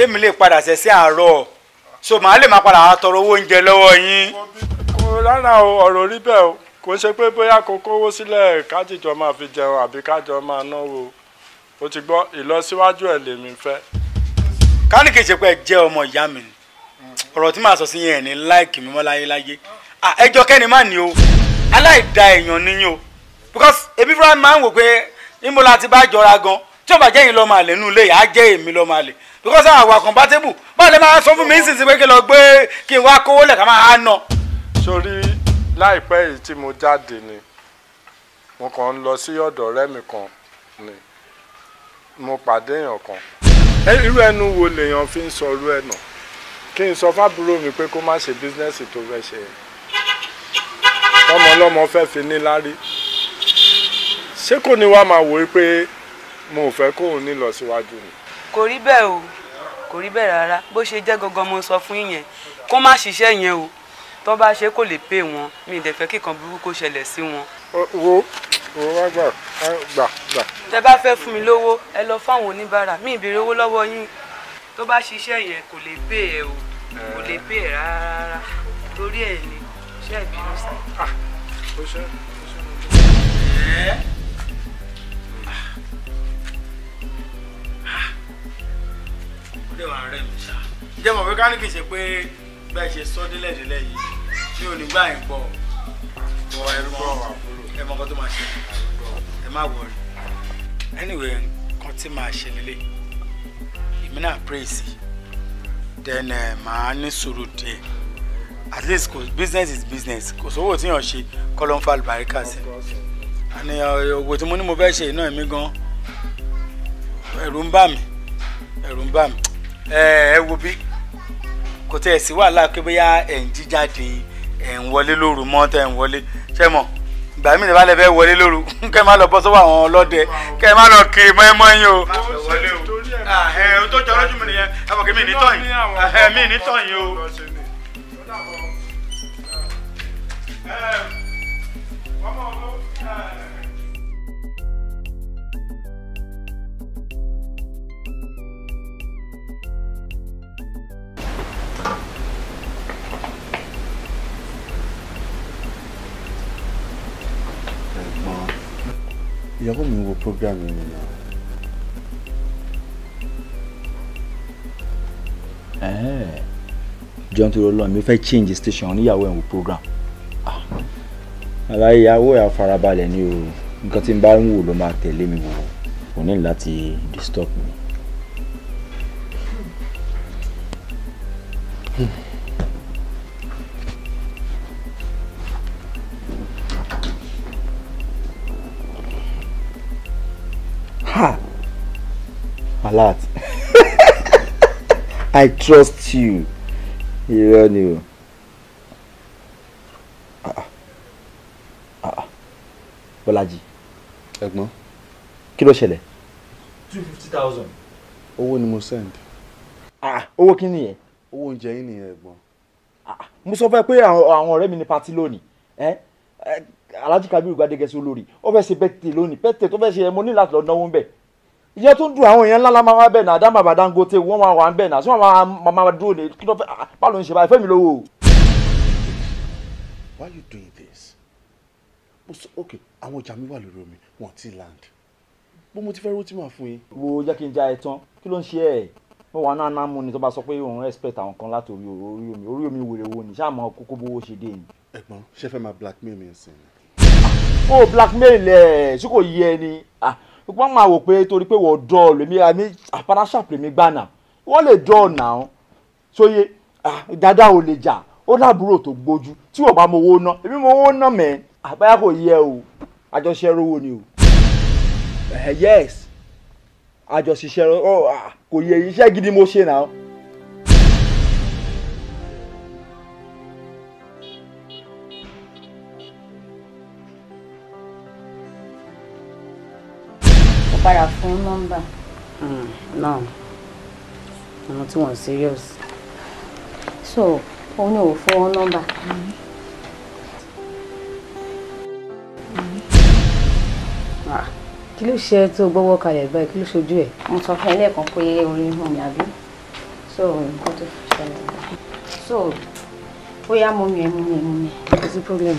kémi lè padà ṣẹ̀ sí àárọ̀ so màá lè máa padà tọrọ owó oúnjẹ lọ́wọ́ yín. kò rárá o ọ̀rọ̀ rí bẹ́ẹ̀ o kò ṣe pé bóyá kò kówó sílẹ̀ kájíjọ máa fi jẹun àbí kájọ máa náwó o ti gbọ́ ìlọsíwájú ẹ̀ lèmi fẹ́. kálíkì ṣe pé ẹ jẹ́ ọmọ ìyá mi ọ̀rọ̀ tí màá sọ sí yẹn ní láìkì mímọ́ láyéláyé ẹjọ́ kẹ́ni má ní o aláìda èèyàn níyìn o because ebi fúnra máa ń wò pé níbo tí o bá jẹ́ yín lọ́ọ́ máa lè nínú ilé yìí á jẹ́ èmi lọ́ọ́ máa lè because àwọn àwa compatible báwo lè máa sọ fún mi nísinsìnyí pé kí lọ gbé kí n wá kówó lẹ̀ ká máa ná. sórí láìpẹ́ yìí tí mo jáde ni mo kàn ń lọ sí ọ̀dọ̀ ọ̀rẹ́ mi kan ni mo pàdé èèyàn kan irú ẹnu wo lèèyàn fi ń sọ irú ẹ̀ nà kí n sọ fábúrò mi pé kó má ṣe bísínẹ́sì tó fẹ́ ṣe tọmọlọmọ fẹ́ fi ní lárí ṣé kò ní wàá máa wò ó pé mo ò fẹ́ kóun ní lọ síwájú ni. kò rí bẹ́ẹ̀ o kò rí bẹ́ẹ̀ rárá bó ṣe jẹ́ gangan mo sọ fún yẹn kó má ṣiṣẹ́ yẹn o tó bá ṣe kò lè pè wọn mi ì dẹ̀ fẹ́ kíkan burúkú kó ṣẹlẹ̀ sí wọn. wo wo wá gbà gbà gbà. tẹ bá fẹ́ fún mi lówó ẹ lọ fáwọn oníbàárà mi ìbéèrè owó lọ́wọ́ yín tó bá ṣiṣẹ́ yẹn kò lè pè ẹ o kò lè pè ẹ rárá torí ẹ ní ah, ṣe é sí. dẹ̀ wà mi ṣá jẹ́ mọ̀ pé káníkì ṣe pé bẹ́ẹ̀ ṣe sọ délẹ̀ délẹ̀ yìí mi ò ní gbà yín gbọ́ bọ́ ẹrú bọ́ ẹ mọ́kọ́ tó máa ṣe ẹ má wọrí anyway nǹkan tí màá ṣe lélẹ̀ èmi náà praise then eh, màá ní sùúrù díẹ̀ at least business is business kò sówó tí yàn ṣe kọ́ ló ń fa àlùbáríkà sí àní eh, òwò tí mo ní mo fẹ́ ṣe náà mi gan ẹ̀rù ń bà mí ẹ̀rù ń bà mí ẹ wo bí kò tẹ̀ sí wàhálà pé bóyá ẹ̀ ń jí jáde ń wọlé lóru mọ́ tẹ̀ ń wọlé ṣé mọ̀ ìgbà mí nìbàlẹ̀ fẹ́ wọlé lóru kẹ́ má lọ bọ́ sọ́wọ́ àwọn ọlọ́dẹ kẹ́ má lọ kiri mọ́ẹ́mọ́ yín o. Ah, ẹ o tó jọ lójú mi nìyẹn ẹ bọ̀ kí mi ní tọ̀yìn ẹ mi ní tọ̀yìn o. ọmọ ọmọ ìyàwó mi wo program yẹn Eh, john tó lọ mi fẹ́ change station oníyàwó ẹ̀ wò program aláìyàwó ah. ẹ̀ farabalẹ̀ ni o nǹkan tí n bá ń wò ló máa tẹ̀lé mi wò kò ní láti disturb mi. Alat I trust you irọ́ ni o ah, ah. Ah, Bọ́lájí ẹ̀gbọ́n kí ló ṣẹlẹ̀. two fifty thousand. owó ni mo send. owó kí nìyẹn. owó oúnjẹ yín nìyẹn ẹ̀gbọ́n. mo sọ fún ẹ pé àwọn ọ̀rẹ́ mi ní patí lónìí Alhaji Kabiru Gbadegesi olórí ó fẹ́ ṣe bẹ́tẹ̀ lónìí bẹ́tẹ̀ tó fẹ́ ṣe ẹ mo ní láti lọ náwó ń bẹ̀ ìyẹn tó ń dùn àwọn èèyàn ńlá ńlá máa wá bẹ́ẹ̀ náà Adam baba Dangote wọ́n máa wà ń bẹ́ẹ̀ náà sí wọn máa máa dúró ní kí ló fẹ́ ah, báwo ń ṣe báyìí fẹ́mi lówó. why you doing this mo sọ ok àwọn ọjà mi wà lórí omi wọn ti land bó mo ti fẹ́ rótí máa fún yín. wo jẹ́ kí n já ẹ tán kí ló ń ṣe ẹ̀ wọ́n wà náà náà mú ni tó bá sọ pé òun respect àwọn kan láti orí orí omi orí omi wèrè wo ni ṣáà mọ kókó bówó ṣe dé ni. ẹ̀gbọ́n ṣé fẹ́ máa blackmail mi sí ni. o blackmail ẹ̀ ṣé kò yẹ ni ah, gbogbo àwọn máa wò pé torí pé wọ́n draw lèmi àmì àpárá ṣàpè mi wọ́n lè draw now sóye dada ò lè jà ó lábúrò tó gbójú tí wọ́n bá mọ owó ná èmi mọ owó ná mẹ́ àbáyá kò yẹ o àjọṣe rówó ni o yes àjọṣiṣẹ́ oh, kò yẹ iṣẹ́ gidi mo ṣe náà. padà fún nọ́mbà. Hmm, náà àwọn tí wọ́n serious. so òun ni ò fún nọ́mbà. Ah. kí ló ṣe tó gbọ́wọ́ kalẹ̀ báyìí kí ló ṣojú ẹ̀. mo sọ fún ẹ lẹ́ẹ̀kan pé orin hàn mí àbí so nǹkan tó ṣẹlẹ̀ so bóyá mo mi ẹ mo mi ẹ mo mi ẹ. kò sí problem.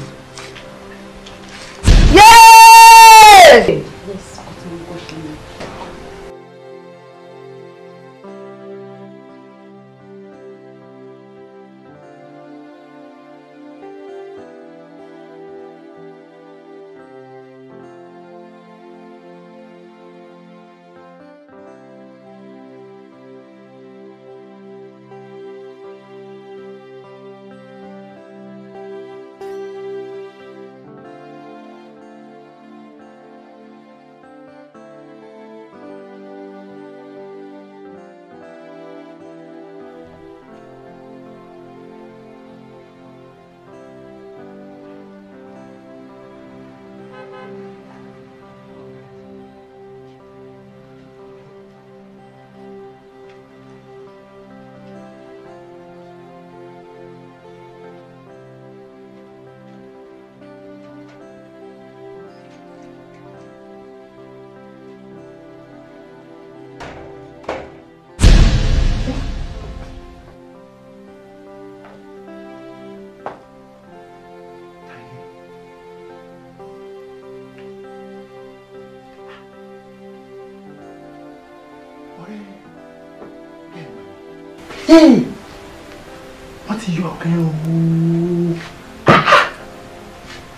wọ́n ti yọ ọ̀kẹ́ ooo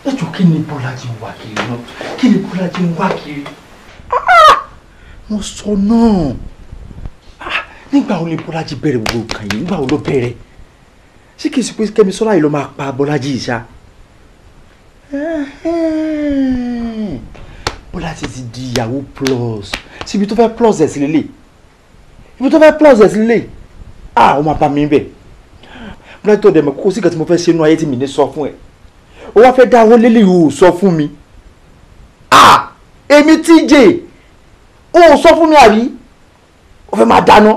ẹjọ́ kí ni Bọ́lájí ń wá kiri náà kí ni so ń wá kiri mo sọ náà ah, nígbà wo ni Bọ́lájí bẹ̀rẹ̀ gbogbo nǹkan yìí nígbà so ló bẹ̀rẹ̀ mark, kìí ṣe pé Kẹ́mi Ṣọ́láyìí ló máa pa Bọ́lájí yìí ṣá Bọ́lájí ti di ìyàwó plus síbi tó fẹ́ plus ẹ̀ plus ẹ̀ sí ah ó máa bá mi bẹ̀ bíláàtọ̀ dẹ̀ mọ̀ kó sí kàtí mo fẹ́ ṣe inú ayé tí mi ní sọ fún ẹ̀ ó wá fẹ́ dáwọ́ lélẹ̀ yìí ò sọ fún mi ah èmi TJ ò sọ fún mi àrí ó fẹ́ máa dáná.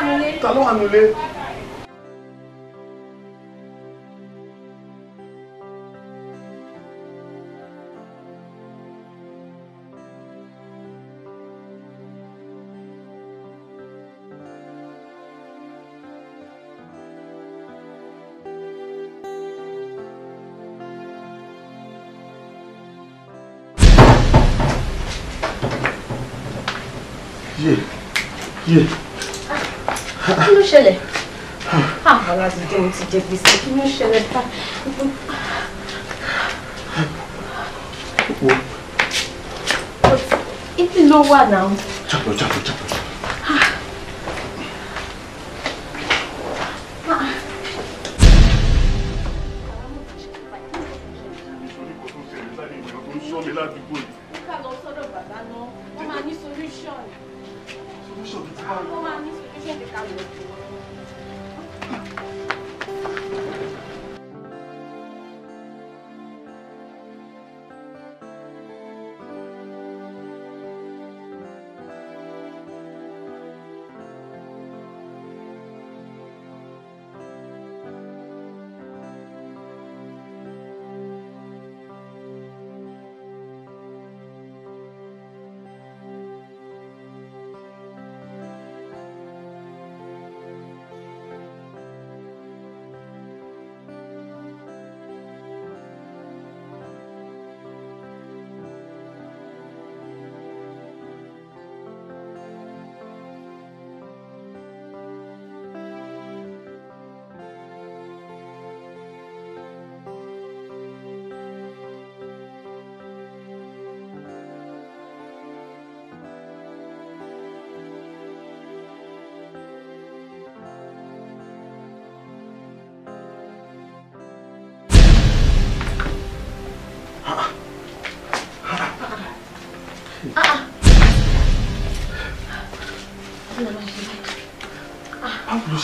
annulé. Talon annulé. Yeah. jẹ gbèsè kí ló ṣẹlẹ̀ bá. Ibi ló wà náà. Jábọ̀ jábọ̀ jábọ̀.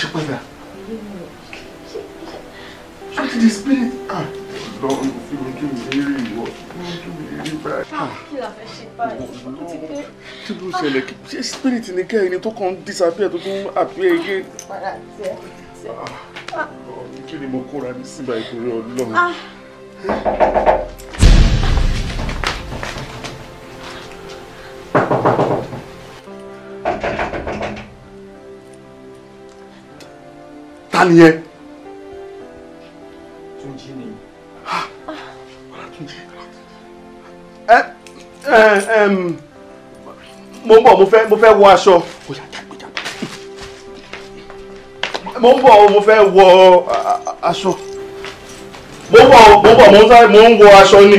ṣe pẹ́ bẹ́ẹ̀. ṣé ti di spirit ah lọ́run tí mi kí mi rí rí ìwọ kí mi rí rí báyìí. kí la fẹ́ ṣe báyìí ti pé. spirit ni kẹ́rin ni tó kàn ń disappear tó tún appear again. padà tẹ tẹ. kí ni mo kóra mi sí báyìí torí Ọlọ́run. nìyẹn. Túnjí ni. Ah, ẹ ẹ ẹ mo ń bọ̀ mo fẹ́ wọ aṣọ mo ń bọ̀ mo fẹ́ wọ aṣọ mo ń bọ̀ mo ń bọ̀ mo ń sáré mo ń wọ aṣọ ni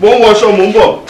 mo ń wọ aṣọ mo ń bọ̀.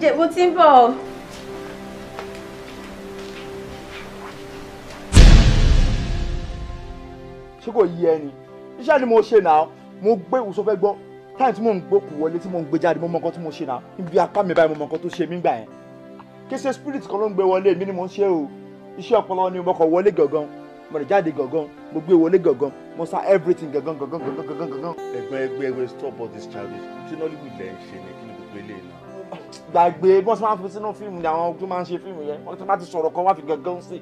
jẹ mo ti ń bọ̀. ṣé kò yí ẹni iṣẹ́ ni mo ṣe náà mo gbé ìwòsàn fẹ́ gbọ́ táyì tí mò ń gbókù wọlé tí mò ń gbé jáde mo mọ nǹkan tí mo ṣe náà níbi apá mi báyìí mo mọ nǹkan tó ṣe mí gbà yẹn kí ṣe spirit kan ló ń gbé wọlé mi ni mo ń ṣe o iṣẹ́ ọpọlọ ni mo kọ̀ wọlé gangan mo lè jáde gangan mo gbé wọlé gangan mo sa everything gangan gangan gangan gangan. ẹgbẹ́ ẹgbẹ́ ẹgbẹ́ stop all this childish ṣé nollywood lẹ ń ṣe ni kí ni gbogbo eléyìí náà gbàgbé bí wọ́n ti máa ń fi sínú fíìmù ni àwọn tó máa ń ṣe fíìmù yẹn wọ́n ti máa ti sọ̀rọ̀ kan wá fi gangan sí.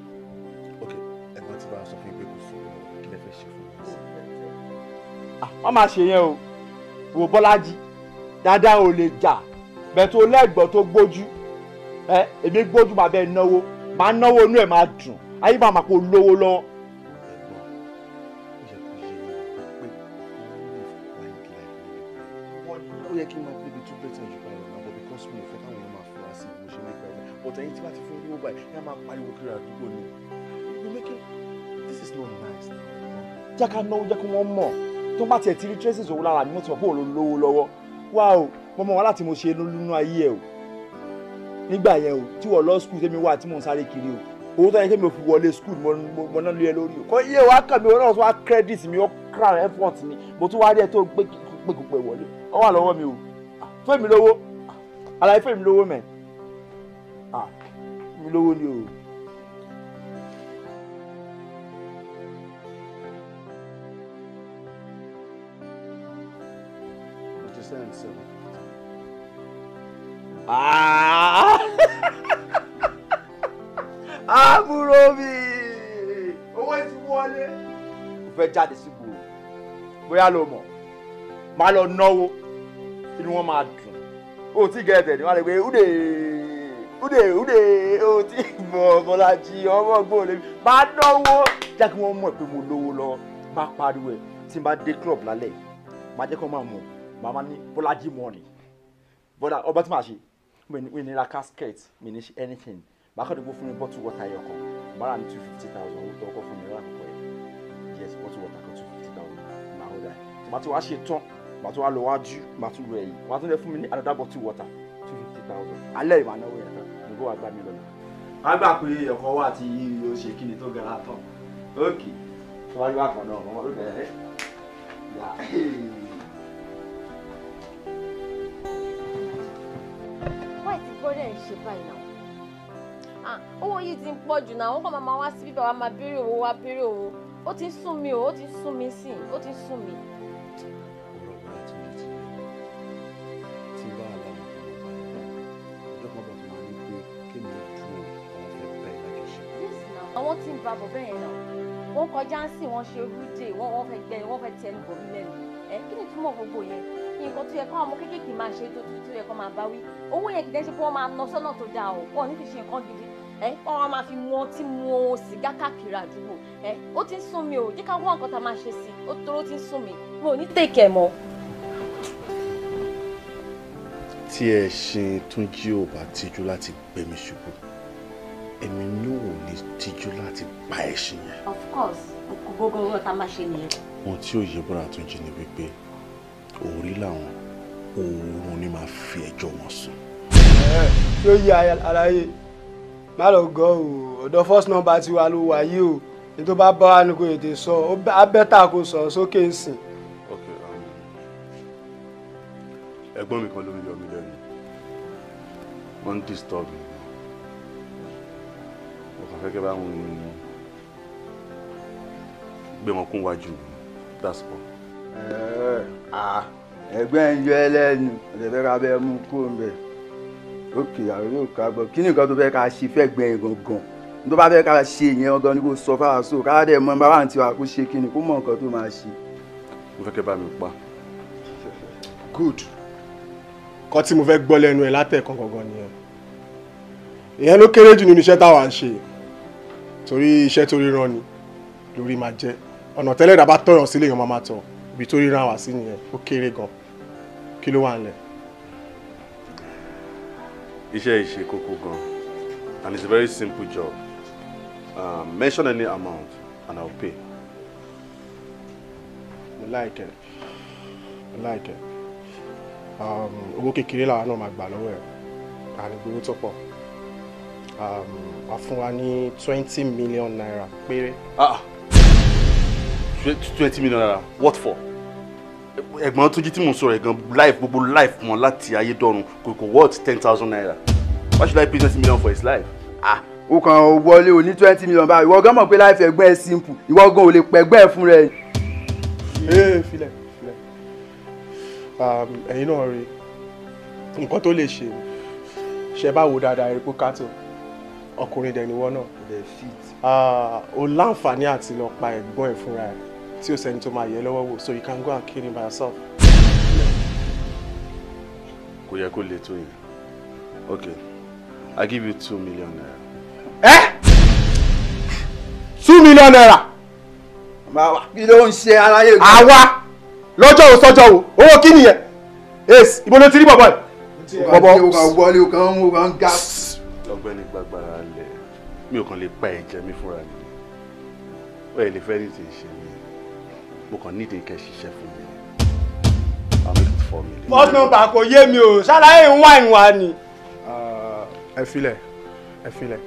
ok ẹ máa ti bá a sọ fún ìgbé kò sí kí lè fẹ́ ṣe fún mi. Ah, wọ́n máa ṣe yẹn o wò bọ́lájí dáadáa ò lè jà bẹ́ẹ̀ tó lẹ́gbọ̀ọ́ tó gbójú ẹ èmi gbójú bàbá ẹ̀ náwó máa náwó inú ẹ̀ máa dùn ayé bàmà kò lówó lọ́wọ́ ẹ̀yin tí wàá ti fún yín wọ́pọ̀ ẹ̀ máa pariwo kiri àdúgbò ni you make it this is not nice. jẹ́ ká náwó jẹ́ kí wọ́n mọ̀ tó bá tiẹ̀ ti rí traces òun lára mi mo ti mọ̀ pé òun ló lówó lọ́wọ́ wá o mo mọ̀ wá láti mo ṣe lónú ayé ẹ̀ o nígbà yẹn o tí wọ́n lọ school tẹ́mi wá tí mò ń sáré kiri o owó tó yẹ kí mi fi wọlé school mo náà lé lórí o kọ́ iye wa kàn mí ọlọ́run tó wá credit mi ó crown effort mi mo tún wá rí ẹ tó gbé gbé gbogbo ẹ̀ wọlé ọ wà lọ́wọ́ mi o ah, fún mi lówó ah, àlàyé fún mi lówó mẹ́ẹ̀ ah mi lówó ni o. sense. Ah! Àbúrò mi! Owó ti wọlé. Mo fẹ́ jáde sígboro. Bóyá lo mọ̀, máa lọ náwó. Inú wọn máa dùn. O ti gẹ̀ẹ́dẹ̀ ni wọ́n á lè pe, "Ude!" ude ude o ti bọ̀ bọ́lájì ọmọ gbòòlè máa dánwó jẹ́ kí wọ́n mọ̀ pé mo lówó lọ máa pariwo ẹ̀ tí n bá dé club lálẹ́ máa jẹ́ kí wọ́n máa mọ̀ màmá ní bọ́lájì mọ́ọ̀nì bọ́dà ọba tí màá ṣe mi ní ra casket mi ní ṣe anything bá kọ́ dé gbó fún mi bottle water ẹyọ kan bára ní two fifty thousand owó tó ọkọ fún mi lákòókò ẹ̀ yes bottle water kan two fifty thousand màá hold that màá tún wá ṣe tán màá tún wá lọ wájú màá tún lọ ẹ̀yìn màá tún lè fún mi ní another bottle water two fifty thousand alẹ́ ìmọ̀ àná wẹ̀ àbí kó gbà mí lọ. a gbà pé ẹ̀kọ́ wà tí o ṣe kí ni tó gara tán ókè tó wá wà kan náà wọ́n wọ́n bẹ̀rẹ̀ wọ́n ti gbọ́dọ̀ ń ṣe báyìí náà owó yìí ti ń pọ̀ jù náà wọ́n kàn máa wá sí bíbá wa máa béèrè owó wa béèrè owó ó ti sún mi ó ti sún mi sí ó ti sún mi. bá bọ̀ bẹ́ẹ̀ yẹn náà wọ́n kọjá ń sìn wọ́n ṣe everyday wọ́n wọ́n fẹ́ gbẹ wọ́n fẹ́ ti ẹnu bọ̀ mí lẹ́nu ẹ kí ni túmọ̀ gbogbo yẹn nǹkan tó yẹ kó ọmọ kéékèèké máa ṣe tó tó yẹ kó máa bá wí owó yẹn kìí dẹ́ ṣe pé wọ́n máa nọ sọ́nà tó dáa o wọn ní fi ṣe nǹkan gidi ẹ wọn wá máa fi mu ọtí mu sìgá káàkiri àdúgbò ẹ ó ti ń sún mi o jẹ́ ká wọ́n nǹkan tá a máa ṣe sí i ó toró mo ò ní tèkẹ́ mọ́. tí ẹ ṣe túnjí èmi náà ò ní tijú láti pa ẹṣin yẹn. of course kò gbogbo owó ta máa ṣe nìyẹn. ohun tí òye bọ́ra tún jí ni wípé òórí làwọn oorun ni máa fi ẹjọ́ wọn sùn. yóò yí aláyé má lọ gọ o ọ̀dọ̀ first number ti wa ló wà yìí o ní tó bá bá wa ni kò tètè sọ abẹ́ta kò sọ sókè ń sìn. Um, ẹ̀gbọ́n mi kan ló ń yọ mí lẹ́nu wọ́n ń disturb mi wọ́n fẹ́ kẹ́ bá wọn gbé wọn kún wájú daspo. a ń yọ ẹlẹ́nu ọ̀dẹ̀ fẹ́ ká bẹ́ẹ̀ mú kó ń bẹ̀ òkè àwọn yóò ká gbọ́ kí ni nǹkan tó fẹ́ ká ṣe fẹ́ gbẹ̀ yẹn gangan tó bá fẹ́ ká ṣe yẹn gan ni kò sọ fáwọn aṣọ ká dẹ̀ mọ bàbá àǹtí wa kó ṣe kí ni kó mọ nǹkan tó máa ṣe. mo fẹ́ kẹ́ bá mi pa. good kọ́ tí mo fẹ́ gbọ́ lẹ́nu ẹ̀ látẹ̀ kankan gan nìyẹn ìyẹn ló kéré jù nínú iṣẹ́ táwa ń ṣe yìí torí iṣẹ́ tó ríran ni lórí máa jẹ́ ọ̀nà tẹ́lẹ̀ dàbá tọ̀yàn sílé èèyàn máa máa tọ̀ ibi tó ríran wá sí nìyẹn ó kéré gan kí ló wà ń lẹ̀. iṣẹ́ ìṣe kókó gan and it's a very simple job uh, mention any amount and I'll pay. mo láìkẹ́ mo láìkẹ́ um, owó kékeré làwọn náà máa gbà lọ́wọ́ ẹ̀ àrùn gbowó tó pọ̀. Um, a fún wa ní twenty million naira péré. ah twenty million naira what for? ẹ̀gbọ́n tó jí tí mò ń sọ̀rọ̀ ẹ̀gbọ́n life gbogbo life mọ́ láti ayé dọ́run kò kò worth ten thousand naira why should I pay twenty million for his life? ah o kàn wọlé o ní twenty million báyìí ìwọ gan mọ̀ pé life ẹ̀gbọ́n ẹ̀ simple ìwọ gan ò lè pẹ̀gbọ́n ẹ̀ fún rẹ̀. ee eh, filẹ filẹ um, ẹ̀yin náà rí nǹkan tó lè ṣe ṣe bá wo dáadáa ẹ rí cattle ọkùnrin dẹ̀ ni náà. o ah, láǹfààní àti lọ pa ẹ̀gbọ́n ẹ̀ fúnra ẹ̀ tí o sẹ́ni tó máa yẹ lọ́wọ́ wò so you can go and kill him by yourself. kò yẹ kó le tó yẹn ok i give you two million naira. ẹ two million naira. bàbá kí ló ń ṣe aráyé. àwa lọ́jọ́ wo sọ́jọ́ wo owó kí nìyẹn ace ibo ló ti rí bọ̀bọ̀ yìí. bọ̀bọ̀ wọlé ọ̀gbẹ́ni gbàgbára mi ò kàn lè pa ẹ̀jẹ̀ mi fúnra mi ó yẹ lè fẹ́ ní ti ṣe mi mo kàn ní ìdíkẹ́ ṣiṣẹ́ fún mi i'll make it four million. first number kò yé mi o ṣàlàyé ń wá ìwà ni. Ah, ẹ filẹ̀ ẹ filẹ̀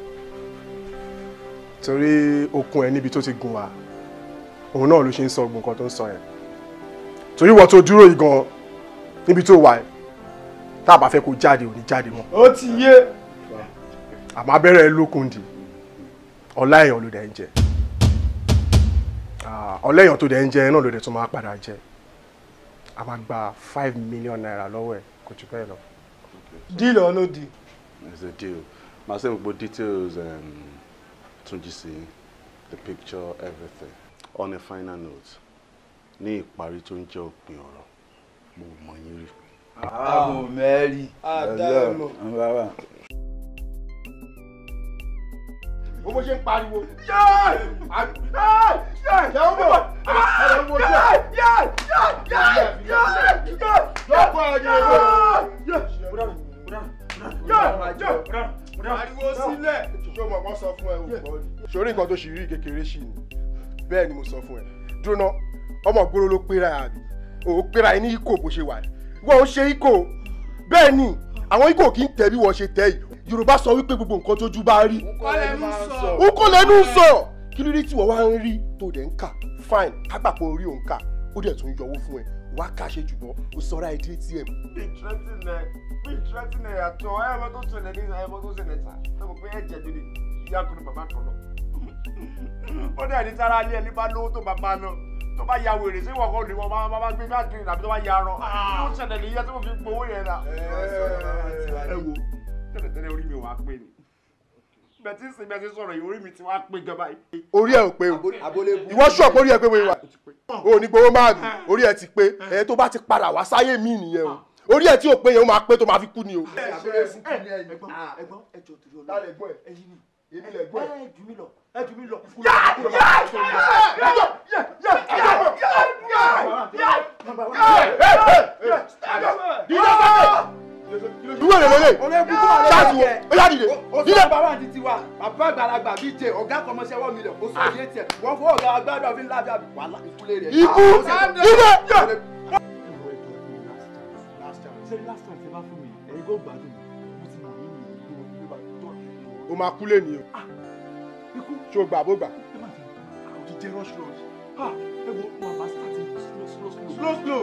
torí okun ẹ níbi tó ti gùn wá òun náà ló ṣe ń sọ ogun kan tó ń sọ yẹn torí wọ́n tó dúró yìí gan níbi tó wà tá a bá fẹ́ kó jáde ò ní jáde mọ́. ó ti yé. àmọ́ abẹ́rẹ́ ẹ lókun dì í ọlá èèyàn ló dẹ̀ ń jẹ ọlá èèyàn tó dẹ̀ ń jẹ náà ló dẹ̀ tún máa padà jẹ a máa gba five million naira lọ́wọ́ ẹ̀ kò jù bẹ́ẹ̀ lọ. deal or no deal. it's a deal màá sẹ́yìn gbogbo details um, túnjí sí the picture everything on a final note ní ìparí tó ń jẹ́ òpin ọ̀rọ̀ mo mọ̀ yín rí. àmọ̀ mẹ́rin àdáyọ̀ o bó ṣe ń pariwo. yẹ́ẹ̀ wò ẹ̀rọ wo jẹ́ lọ́pọ̀ ẹ̀jẹ̀ ariwo sílẹ̀. ṣé o mọ̀ wọ́n sọ fún ẹ o gbọ́ ni. sórí nǹkan tó ṣì rí kékeré sí ni bẹ́ẹ̀ ni mo sọ fún ẹ dúró ọmọ gbòòrò ló pera àbí òun pera ẹ ní ikọ̀ bó ṣe wà wọ́n ò ṣe ikọ̀ bẹ́ẹ̀ ni àwọn Ìgbò kì í tẹ̀ bí wọ́n ṣe tẹ̀ yìí Yorùbá sọ wípé gbogbo nǹkan tójú bá rí. ó kọ́ lẹ́nu sọ kí ló dé tí wọ́n wá ń rí tó dẹ̀ ń kà fine kágbàpọ̀ orí òun kà ó dẹ̀ tún yọwọ́ fún ẹ wá kà ṣe jùlọ ó sọra ẹ dé atm. bí ìtúrẹ́tìnẹ̀ bí ìtúrẹ́tìnẹ̀ yàtọ̀ ẹ̀rọ tó ṣẹlẹ̀ ní ẹ̀rọ tó ṣẹlẹ̀ ta tó mọ̀ pé ẹ̀jẹ̀ mi ni ìyá kunu bàbá kan lọ. ó dẹ̀ ní sára alẹ́ ẹni bá lówó tó bàbá náà tó bá ya wèrè sí ìwọ̀n kan wọ́n máa máa gbé káàkiri àbí tó bá ya aràn yóò ah. ṣẹlẹ̀ ní tí mo fi gbowó yẹn náà. Eh, eh, eh, ẹ wo tẹ́lẹ̀tẹ́lẹ̀ orí mi wà pé ni bẹ̀tí sin bẹ̀tí sọ̀rọ̀ yìí orí mi ti wá pé gan báyìí. orí ẹ ò pé o ìwọ ṣọ̀pọ̀ orí ẹ pé wíwá o ní gbowó máa dùn ah. orí ẹ ti pé ah. ẹ tó bá ti padà wá sáyé mi nìyẹn o orí ẹ tí ò pé yẹn ó máa pé tó máa fi kú ni o. ẹ̀gbọ́n ẹjọ tó yọ lọ ẹ̀yin ni èmi lè gbọ́ ẹ jù mí lọ ẹ jù mí lọ. dúwẹ̀ lè lélẹ̀ ṣáàtì wo ó yá dìde dìde. bàbá àti tiwa bàbá àgbàlagbà bíi jẹ ọ̀gá kọmọṣẹ́ wọ́n mi lẹ̀ kó sọ yé tiẹ̀ wọ́n fọ́ ọ̀gá agbádùn àfi ńlá àbí wàhálà ìkúlé rẹ̀. ikú dìde. ṣé last time ṣe bá fún mi ẹ̀yin kò gbádùn o máa kú lé nìyẹn. Ah, ikú ṣe o bó gbà. ẹ má ah, slow slow slow. Ah,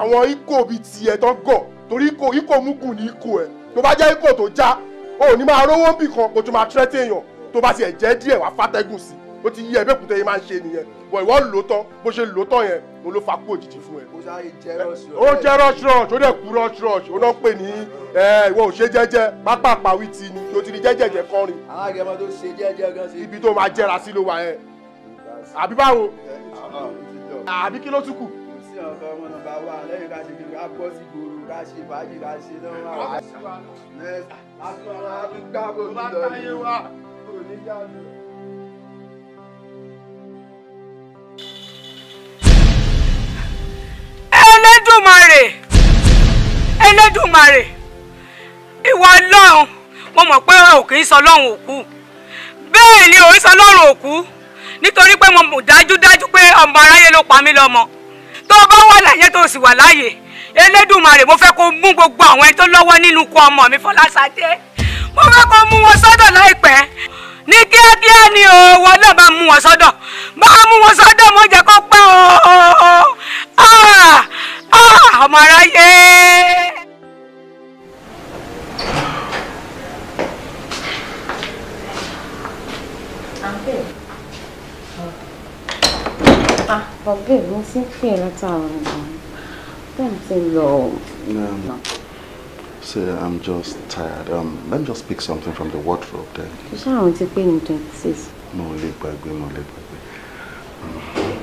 àwọn ikọ̀ bíi tiẹ̀ tán gọ̀ torí ikọ̀ ikọ̀ mugun ní ikọ̀ ẹ̀ tó bá jẹ́ ikọ̀ tó já ò ní máa rówó bì kan kó tó máa tẹ́tẹ́ èèyàn tó bá tiẹ̀ jẹ́ díẹ̀ wá fàtẹ́gùn sí ó ti yí ẹ bẹ́ẹ̀ kútẹ́ yìí máa ń ṣe nìyẹn bọ̀ ìwọ lò tán bó ṣe lò tán yẹn mo ló fa kú òjijì fún ẹ. ó jẹ́ rush rush ó dẹ̀ kú rush rush ó náà pè ní ìwọ ò ṣe jẹ́jẹ́ pápápá wí ti ni tó ti di jẹ́jẹ̀jẹ̀ kọrin. àwọn àgẹ̀mọ́ tó ṣe jẹ́jẹ́ gan sí. ibi tó máa jẹ́ra sí ló wà ẹ àbí báwo àbí kí ló tún kù wà lẹ́yìn ká ṣe kí ká bọ́ sí gbòòrò ká ṣe fàájì ká ṣe náà wà. àtúnwàrà àdúgbò àbòmí lọ ní oníyàwó. Ẹlẹ́dùmarè Ẹlẹ́dùmarè ìwà Ọlọ́run mo mọ̀ pé o kì í sọ Ọlọ́run òkú bẹ́ẹ̀ ni o ń sọ Ọlọ́run òkú nítorí pé mo dájúdájú pé ọmọ aráyé ló pa mí lọ́mọ tó bá wà láyé tó sì wà láyé Elédùmarè mo fẹ́ kó mú gbogbo àwọn ẹni tó lọ́wọ́ nínú ikú ọmọ mi Fọláṣadé mo fẹ́ kó mú wọn sọ́dọ̀ láìpẹ́ ní kíákíá ni o wọn náà bá mú wọn sọ́dọ̀ bá mú wọn sọ́dọ̀ mo jẹ́ kó pẹ́ o ah, ah, ọmọ aráyé. àǹkó Ah, but babe, mo ti ń pè látàrọ nìkan. Bẹ́ẹ̀ ti lọ. Say, I'm just tired. Um, let me just pick something from the wardrobe then. Ṣé to ti pé ní No, six? Mo lè No, mo lè gbàgbé.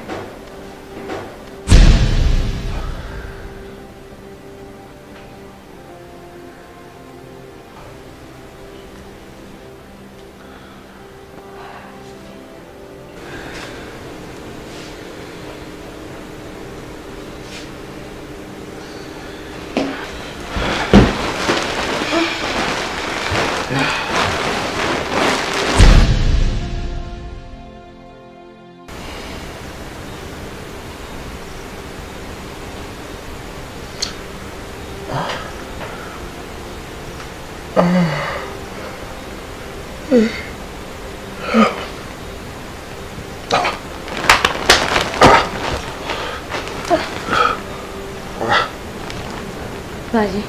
vai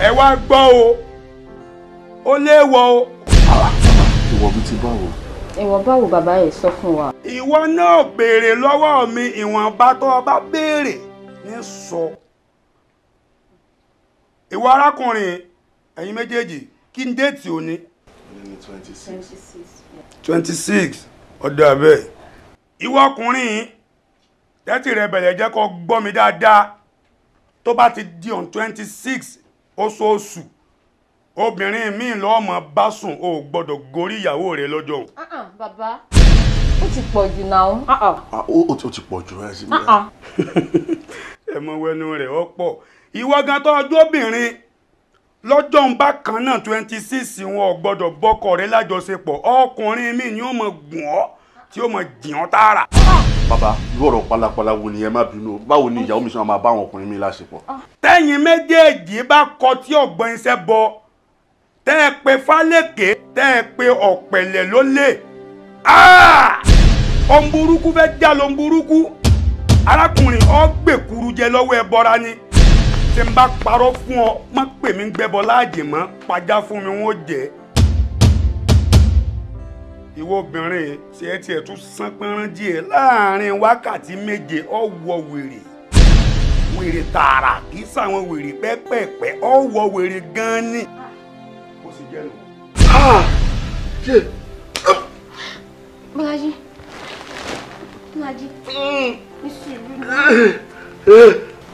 Ẹ wá gbọ́ o, ó léèwọ̀ o. Ìwọ bí ti báwo? Ìwọ báwo bàbá yìí sọ fún wa? Ìwọ náà béèrè lọ́wọ́ mi ìwọ̀nba tó o bá béèrè ní sọ ìwọ arákùnrin ẹ̀yin méjèèjì kí ni déètì òní. twenty six twenty six ọ̀dọ̀ abẹ́ ìwọ ọkùnrin tẹ́tì rẹ bẹ̀rẹ̀ jẹ́ kó gbọ́ mi dáadáa tó bá ti di on twenty six oṣooṣù obìnrin míì lọ́ọ́ mọ̀ bá sùn o gbọ́dọ̀ gorí ìyàwó rẹ lọ́jọ́. Uh-uh, bàbá ó ti pọ̀ jù náà. Uh-uh. Ah, ó ti pọ̀ jù rẹ sí mi. ẹ mọ wẹnu rẹ ọ pọ̀ ìwọ gan tó ọjọ́ obìnrin lọ́jọ́ ń bá kan náà twenty six wọn ò gbọ́dọ̀ bọ́kọ rẹ lájọṣepọ̀ ọkùnrin mi ni ó mọ̀ gùn ọ́ tí ó mọ̀ jìn ọ́ tààrà. bàbá irú ọ̀rọ̀ pálapàla wo ni ẹ má bínú báwo ni ìyàwó mi ṣe máa bá àwọn ọkùnrin mi láṣepọ̀. tẹ́yìn méjèèjì bá kọ tí ọ̀gbọ́n iṣẹ́ bọ tẹ́ ẹ pe fálẹ́kẹ́ tẹ́ ẹ pe ọ̀pẹ̀lẹ̀ ló lè ọ̀n burúkú fẹ́ já lọ́n burúkú arákùnrin ọ̀gbẹ̀kuru jẹ lọ́wọ́ ẹ bọ́ra ni tí n bá parọ́ fún ọ má pè mí gbẹ́bọ láàjì mọ́ pajá fún mi wọ́n jẹ́ ìwọ obìnrin tí ẹ tiẹ̀ tún sán pẹ́rán díẹ̀ láàrin wákàtí méje ọ̀wọ́ wèrè wèrè tààrà kì í sàwọn wèrè pẹ́pẹ́pẹ́ ọ̀wọ́ wèrè gan ni. ó sì jẹ́ nù. Ah! Bọ́lájí Bọ́lájí hmm.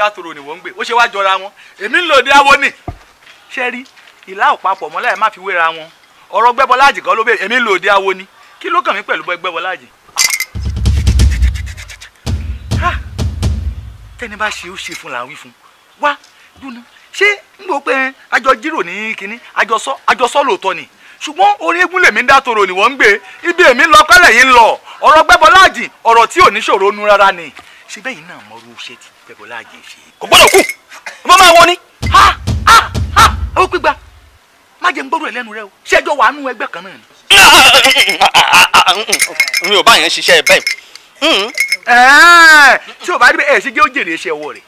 gbàtòrò ni wọ́n ń gbé ó ṣe wá jọra wọn èmi ń lò dé awo ni ṣe rí ìlà òpapọ̀ mọ́lá ẹ̀ má fi wéra wọn ọ̀rọ̀ gbẹ́bọ́láàjì kan ló bẹ̀rẹ̀ èmi ń lò dé awo ni kí ló kàn mí pẹ̀lú gbẹ́bọ́láàjì. tẹ́ni bá ṣe ó ṣe fún làwí fún wá dúnú ṣé n gbọ́ pé àjọ jírò ní kínní àjọsọ àjọsọ lóòótọ́ ni ṣùgbọ́n orí egun lèmi ń dá ni wọ́n ń gbé ibi èmi lọ yìí ń lọ ọ̀rọ̀ gbẹ́bọ́láàjì ọ̀rọ̀ tí ò ní ṣòro nu rárá ni ṣe bẹ́ẹ̀ yìí náà mọ̀rú ṣe ti Ẹ̀bọ̀lá àjèṣe. Kò gbọ́dọ̀ kú. Mo máa wọ ni. Ha ha ha ó gbígba. Má jẹ́ n gbọ́dọ̀ ẹ̀ lẹ́nu rẹ o. Ṣẹ́jọ́ wà á ẹgbẹ́ kan náà ni. Mi ò bá yẹn ṣiṣẹ́ bẹ́ẹ̀. Hmm. Tí o bá rí bẹ́ẹ̀ ẹ̀ ṣe jẹ́ ó jèrè ọwọ́ rẹ̀.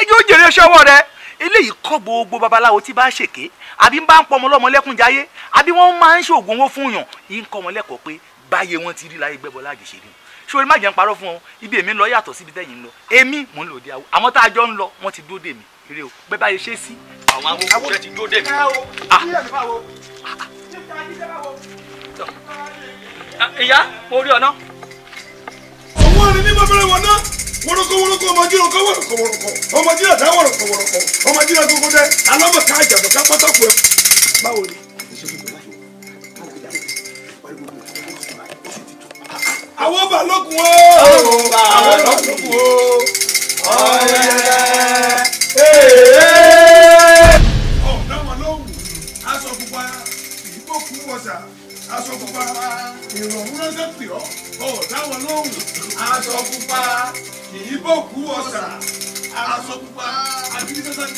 Ẹ jẹ́ ó ọwọ́ rẹ̀. Eléyìí kọ́ gbogbo babaláwo tí bá ṣèké àbí bá ń pọmọ lọ́mọ lẹ́kùn jayé àbí wọ́n máa ń ṣoògùn owó fún yàn yìí ń kọ́ wọn lẹ́kọ̀ọ́ pé báyé wọn ti rí láyé gbẹ́bọ́lá àjèṣe rí ṣé má jẹ́ ń parọ́ fún ọ ibi èmi ń lọ yàtọ̀ síbi tẹ́yìn ń lọ èmi mò ń lò dé awo àmọ́ tá a jọ ń lọ wọ́n ti dúró dè mí eré o bẹ́ẹ̀ báyìí ṣe sí. àwọn awo iṣẹ́ ti dúró dè mí. Ah. Ah, ìyá mo rí ọ̀nà. owó ni ní bàbá rẹ wọ̀ náà wọ́rọ́kọ́ wọ́rọ́kọ́ ọmọdé ọkọ́ wọ́rọ́kọ́ wọ́rọ́kọ́ ọmọdé àdá wọ́rọ́kọ́ wọ́rọ́kọ́ ọmọdé àgógó dẹ alámọ̀ká àjàbọ̀ká pátákó ẹ̀ báwo ni. àwọn balógun o. àwọn balógun o. ọ̀rẹ́. ọ̀dọ́ wọn ló wù aṣọ pupa ìgbó kú wọ̀ṣà aṣọ pupa ìrọ̀rùn rẹ́sẹ̀ pè ọ́ ọ̀dá wọn ló wù aṣọ pupa ìgbó kú wọ̀ṣà aṣọ pupa àdìsẹ́sẹ́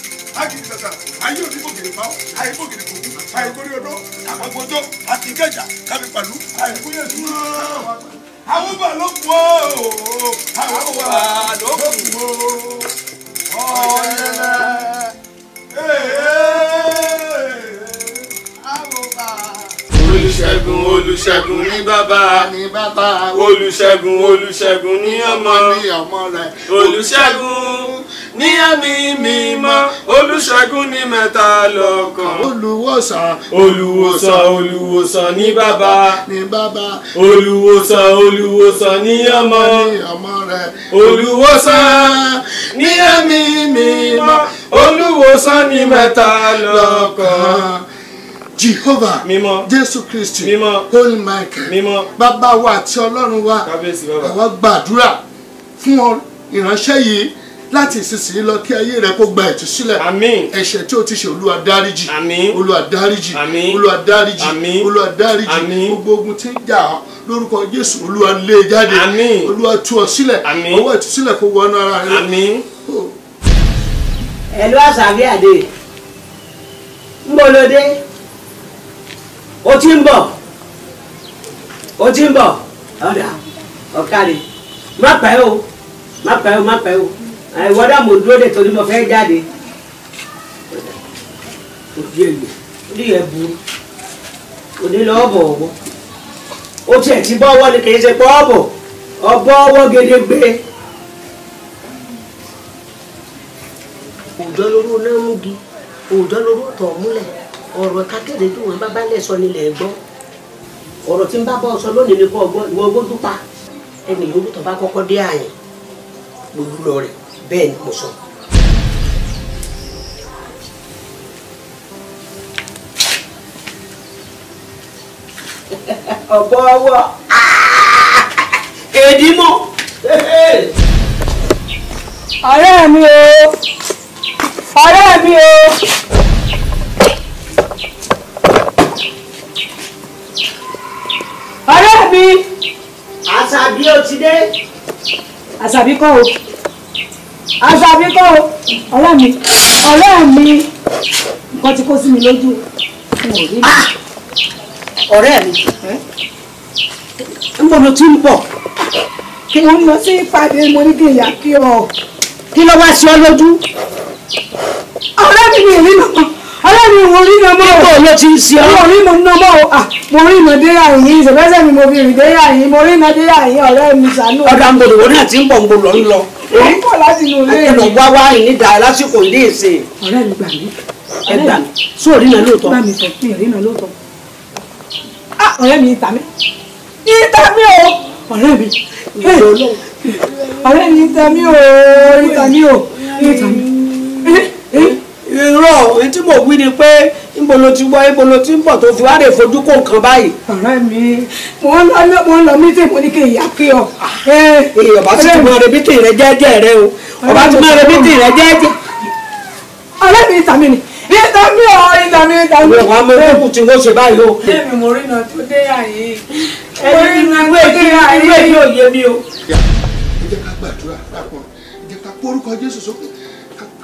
àdìsẹ́sẹ́ ayé òní bògèrè báwọ̀ ayé bògèrè kò kú àìkórí odó àpapọ̀ odó àti ìkẹjà kábípàlú àìkúyè dúró àwọn bá ló kú ó àwọn bá ló kú ó ọ̀yẹ́lẹ̀. olùṣègùn olùṣègùn ní bàbá olùṣègùn olùṣègùn ní ọmọ olùṣègùn ní ẹ̀mí mímọ́ olùṣègùn ní mẹ́ta lọ́kan. olùwòsàn olùwòsàn olùwòsàn ní bàbá ní bàbá olùwòsàn olùwòsàn ní ọmọ ní ọmọ rẹ olùwòsàn ní ẹ̀mí mímọ́ olùwòsàn ní mẹ́ta lọ́kan jehova mímọ́ jésù kristi mímọ́ holy michael mímọ́ bàbá wa àti ọlọ́run wa àwa gbàdúrà fún ìránṣẹ́ yìí láti ìsinsìnyí lọ kí ayé rẹ kó gba ìtúsílẹ̀ ẹ̀ṣẹ̀ tí o ti ṣe olúwa dáríjì olúwa dáríjì olúwa dáríjì olúwa dáríjì gbogbo ogun tí ń jà ọ́ lórúkọ jésù olúwa lé e jáde olúwa tú ọ sílẹ̀ ọwọ́ ìtúsílẹ̀ kó wọnú ara rẹ. ẹ̀lú àṣàbí àdé ń bolódé o ti ń bọ̀ o ti ń bọ̀ ọ̀dà ọ̀kadì má pẹ́ o má pẹ́ o má pẹ́ o ìwọ dà mo dúró dè torí mo fẹ́ jáde òbí èlò orí ẹ̀ burú òní lọ ọ̀bọ̀ ọ̀wọ́ ó tiẹ̀ ti bọ́ ọwọ́ ni kì í ṣe pọ́ ọ̀bọ̀ ọ̀bọ̀ ọwọ́ gedegbe. òòjọ́ lóró náà mú gi òòjọ́ lóró tọ̀ múlẹ̀ ọ̀rọ̀ kákéde tó wọn bábá lẹ̀ sọ nílẹ̀ gbọ́ ọ̀rọ̀ tí ń bá bọ́ ọ sọ lónìí ni kò ọgbọ́n ìwọ ọgbọ́n tó pa ẹnì yòówù tó bá kọ́kọ́ dé àyè gbogbo rẹ̀ bẹ́ẹ̀ ni mo sọ. ọ̀bọ ọwọ́ ah! èdè mọ́. ọ̀rẹ́ mi o ọ̀rẹ́ mi o. ọ̀rẹ́ mi. àṣàbí o ti dé. àṣàbí kọ́ o. Àṣàbí kọ́ o ọ̀rẹ́ mi ọ̀rẹ́ mi nǹkan ti kó sí mi lójú ah! ọ̀rẹ́ mi ń bọ̀ ló ti ń bọ̀ kí n lọ sí ìpàdé mo ní kí n kí ọ kí ló wá sí ọ lójú ọ̀rẹ́ mi mi ìrìnà ọlọ́run mo rí nàmọ́ o kíkọ́ ló ti ń ṣe ọ́ ah, mo rí mo nàmọ́ o mo rí mo dé àyín ìṣẹ̀fẹ́sẹ̀ mi mo fi rìn dé àyín mo rí mo dé àyín ọ̀rẹ́ mi sànú. ọ̀dà ń gbòdò wo náà ti ń bọ̀ ń gbòdò ń lọ. ó ń bọ̀ láti inú ilé rẹ̀. ẹnì wá wá ìnídà lásìkò ilé ìsìn. ọ̀rẹ́ mi gbà mí. ẹ gbà mí sí náà lóòótọ́. bá mi sọ pé òrí náà lóòótọ́. Ah, ọ̀rẹ́ mi ìta mi. ìta mi o. ọ̀rẹ́ mi. ọ̀rẹ́ mi ìta mi o. ìta mi o. ìta mi. Eh, eh irọ́ ohun tí mo wí ni pé níbo ló ti wọ́ níbo ló ti ń bọ̀ tó fi wá lè fojú kó nǹkan báyìí. ọ̀rẹ́ mi wọ́n lọ wọ́n lọ mítì mo ní kí ìyá pé ọ. Ah, ọba ti máa re mítì rẹ jẹ́jẹ́ rẹ o ọba ti máa re mítì rẹ jẹ́jẹ́. ọ̀rẹ́ mi ìtàmì ni ìtàmì ọ̀ ìtàmì ìtàmì. ìwà mi ò kú tí wọ́n ṣe báyìí o. ẹ̀mí mo rí iná tó dé àyè ẹ̀mí mo rí iná tó dé àyè ìwé yóò yé mi o. ẹ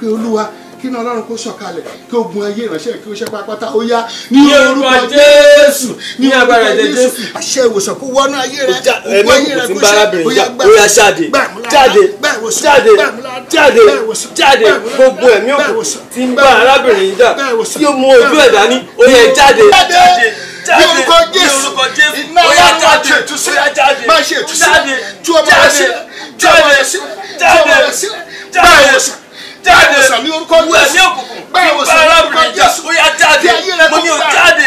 jẹ́ kí ni ọlọ́run kó sọ̀kalẹ̀ kí ogun ayé ìránṣẹ́ kí ó ṣe pápátá ó yá ní orúkọ jésù ní agbára jésù àṣẹ ìwòsàn kó wọnú ayé rẹ ogun ayé rẹ kó ṣe ó yá gbà ó yá jáde jáde jáde jáde jáde gbogbo ẹ̀mí òkú ti ń bá arábìnrin yìí dà tí ó mú ojú ẹ̀ dání ó yẹ jáde ní orúkọ jésù iná ọlọ́run máa ṣe ìtúsí máa ṣe ìtúsí tú ọmọ rẹ sí tú ọmọ rẹ sí tú ọmọ rẹ sí báyìí jáde wú ẹ̀mí òkùnkùn bí bá arábìnrin jà ó yá jáde mo ní o jáde.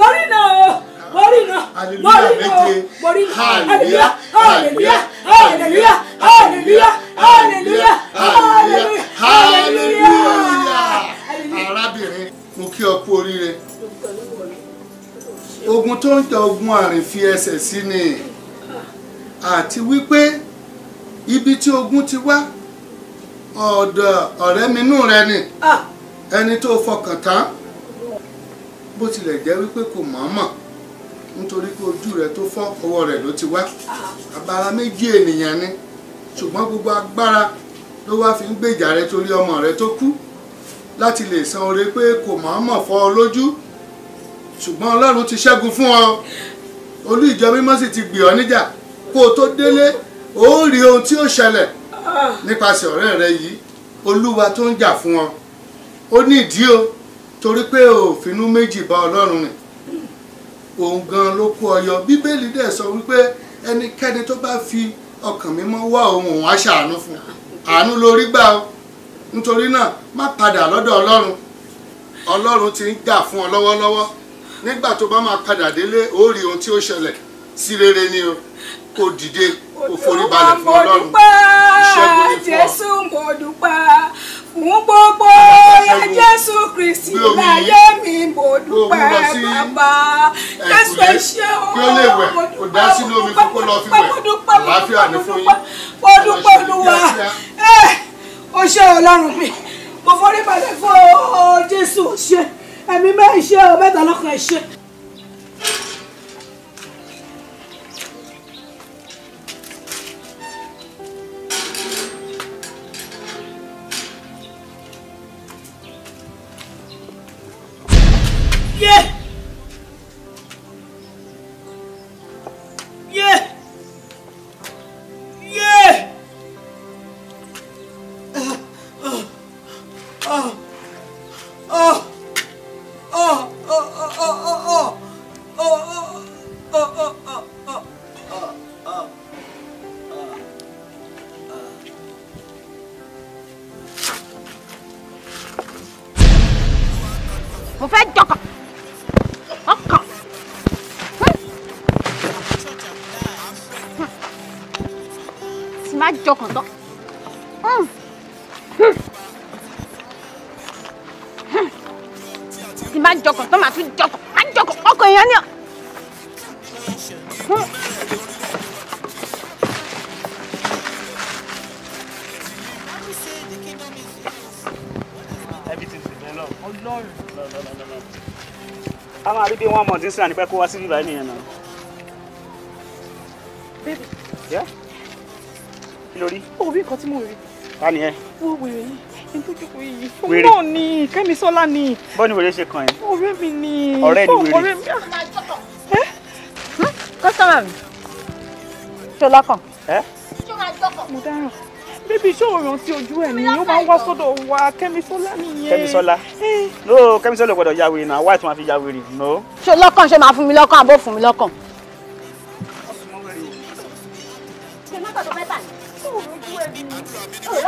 Mọ̀rí náà mọ̀rí náà mọ̀rí Arábìnrin mo kí ọ kú oríire ogun tó ń jẹ ogun àrìn fi ẹsẹ̀ sí ni àti wípé ibi tí ogun ti wá ọ̀dọ̀ ọ̀rẹ́ mi nù rẹ ni ẹni tó fọkàn tán bó tilẹ̀ jẹ́ wípé kò mọ̀ọ́mọ̀ nítorí pé ojú rẹ tó fọ́ ọwọ́ rẹ ló ti wá abara méjì ènìyàn ni ṣùgbọ́n gbogbo agbára ló wá fi ń gbèjà rẹ torí ọmọ rẹ tó kú láti lè san oore pé kò mọ̀ọ́mọ̀ fọ́ ọ lójú ṣùgbọ́n ọlọ́run ti ṣẹ́gun fún ọ olú ìjọ mímọ́ sì ti gbì ọ́ níjà kó o tó délé o ó rí ohun tí ó ṣẹlẹ̀ nípasẹ̀ ọ̀rẹ́ rẹ yìí olúwa tó ń jà fún ọ ó ní ìdí o torí pé o ò finú méjì bá ọlọ́run rìn òun gan ló kó ọ bíbélì dẹ̀ sọ wípé ẹnikẹ́ni tó bá fi ọkàn mímọ́ wá ohun òun á ṣàánú fún àánú lórí gbà ọ nítorí náà má padà lọ́dọ̀ ọlọ́run ọlọ́run ti ń jà fún ọ lọ́wọ́lọ́wọ́ nígbà tó bá máa padà délé ó rí ohun tí ó ṣẹlẹ̀ sí rere ni o kò dìde kò forí balẹ̀ fún ọlọ́run ìṣẹ́gun ni fún ọ. jésù mo dúpẹ́ fún gbogbo jésù kristi láyé mi mo dúpẹ́ bàbá jésù ẹ o kí ó lè wẹ̀ kò dá sínú omi mo dúpẹ́ olúwa ó ṣé ọlọ́run mi mo forí balẹ̀ fún ọ jésù ó ẹ̀mí mẹ́ ìṣe o mẹ́ta lọ́kàn ẹ̀ ṣe jọkàn tán. tí bá jọkàn tán màá tún jọkàn má jọkàn ọkọ èèyàn ni ọ. a máa rí bí wọ́n mọ̀ dín sí ànípẹ́ kó wá sí bíbá ènìyàn náà. ta ẹ. wọ́n wèrè yìí ìdójúkọ yìí fún náà ni Kẹ́misọ́lá ni. bọ́ọ̀nì wèrè ṣe kàn yín. ọ̀rẹ́ mi ni ọ̀rẹ́ ni wèrè. kọ́sọ́mà mi ṣọlá kan. mo dáràn bébí iṣẹ́ òòrùn tí ojú ẹ̀ ni ó máa ń wá sọ́dọ̀ wa Kẹ́misọ́lá nìyẹn. Kẹ́misọ́lá no Kẹ́misọ́lá ò gbọ́dọ̀ yáwèrè náà wáìtì máa fi yáwèrè no. ṣọlá kan ṣe máa fún mi lọ́kàn àbó fún mi lọ́kàn. ṣé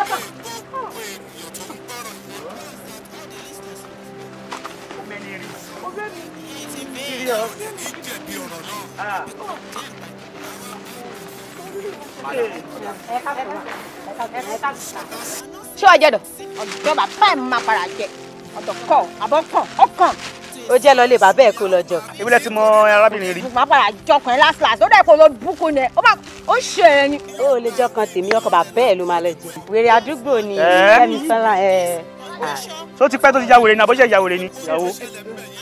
ọjọ́ dọ̀ ọjọ́ bàbá ẹ̀ máa para jẹ ọ̀dọ̀ kọ̀ àbọ̀ kàn ọ̀kàn ó jẹ́ lọ lè bá bẹ́ẹ̀ kó lọ jọ. ibi lẹ ti mọ arábìnrin rí. màá padà jọkàn ẹ last last ó dẹ̀ kó lọ búkú ni ó bá ó ṣe ẹ ni. ó lè jọkàn tèmi ọkọ bá bẹ́ẹ̀ ló máa lọ jẹ. wèrè àdúgbò ni Kẹ́mi Fẹ́lá ẹ̀. tó ti pẹ́ tó ti ya wèrè ni àbọ̀ṣẹ́ ìyàwó rẹ̀ ni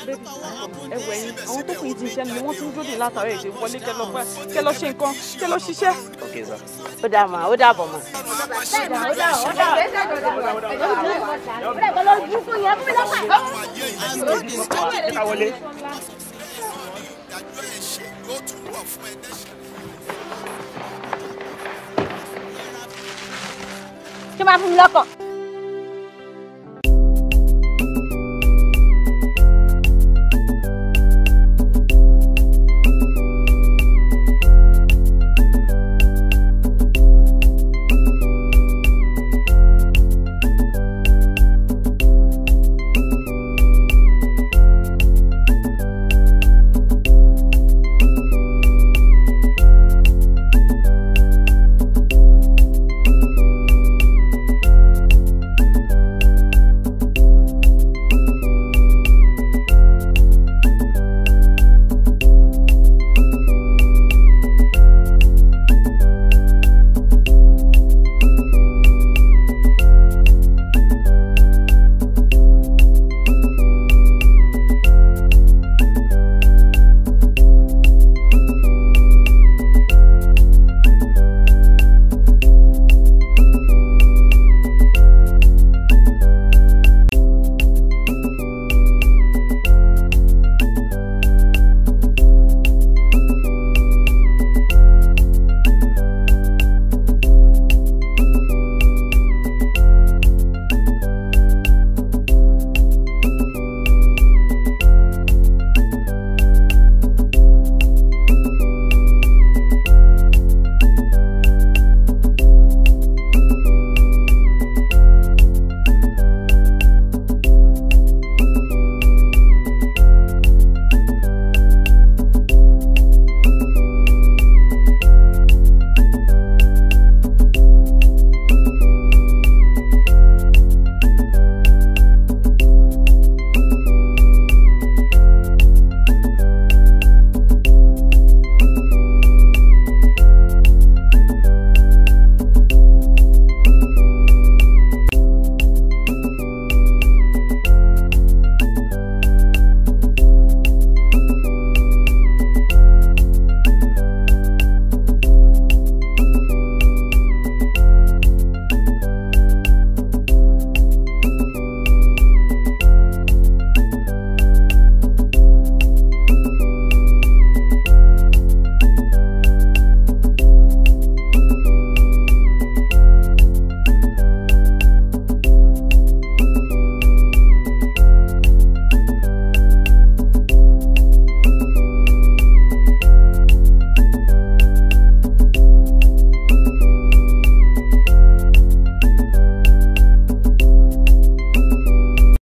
bébí ẹwẹ yín àwọn tó kùn yìí ti ń ṣẹ́ ni wọ́n ti ń dúró dè látàrí èdè wọlé kẹlọ pẹ́ kẹlọ ṣe nǹkan kẹlọ ṣiṣẹ́. ok sir. ó dà mà ó dà bọ̀ mà. ṣé máa fún mi lọ́kàn.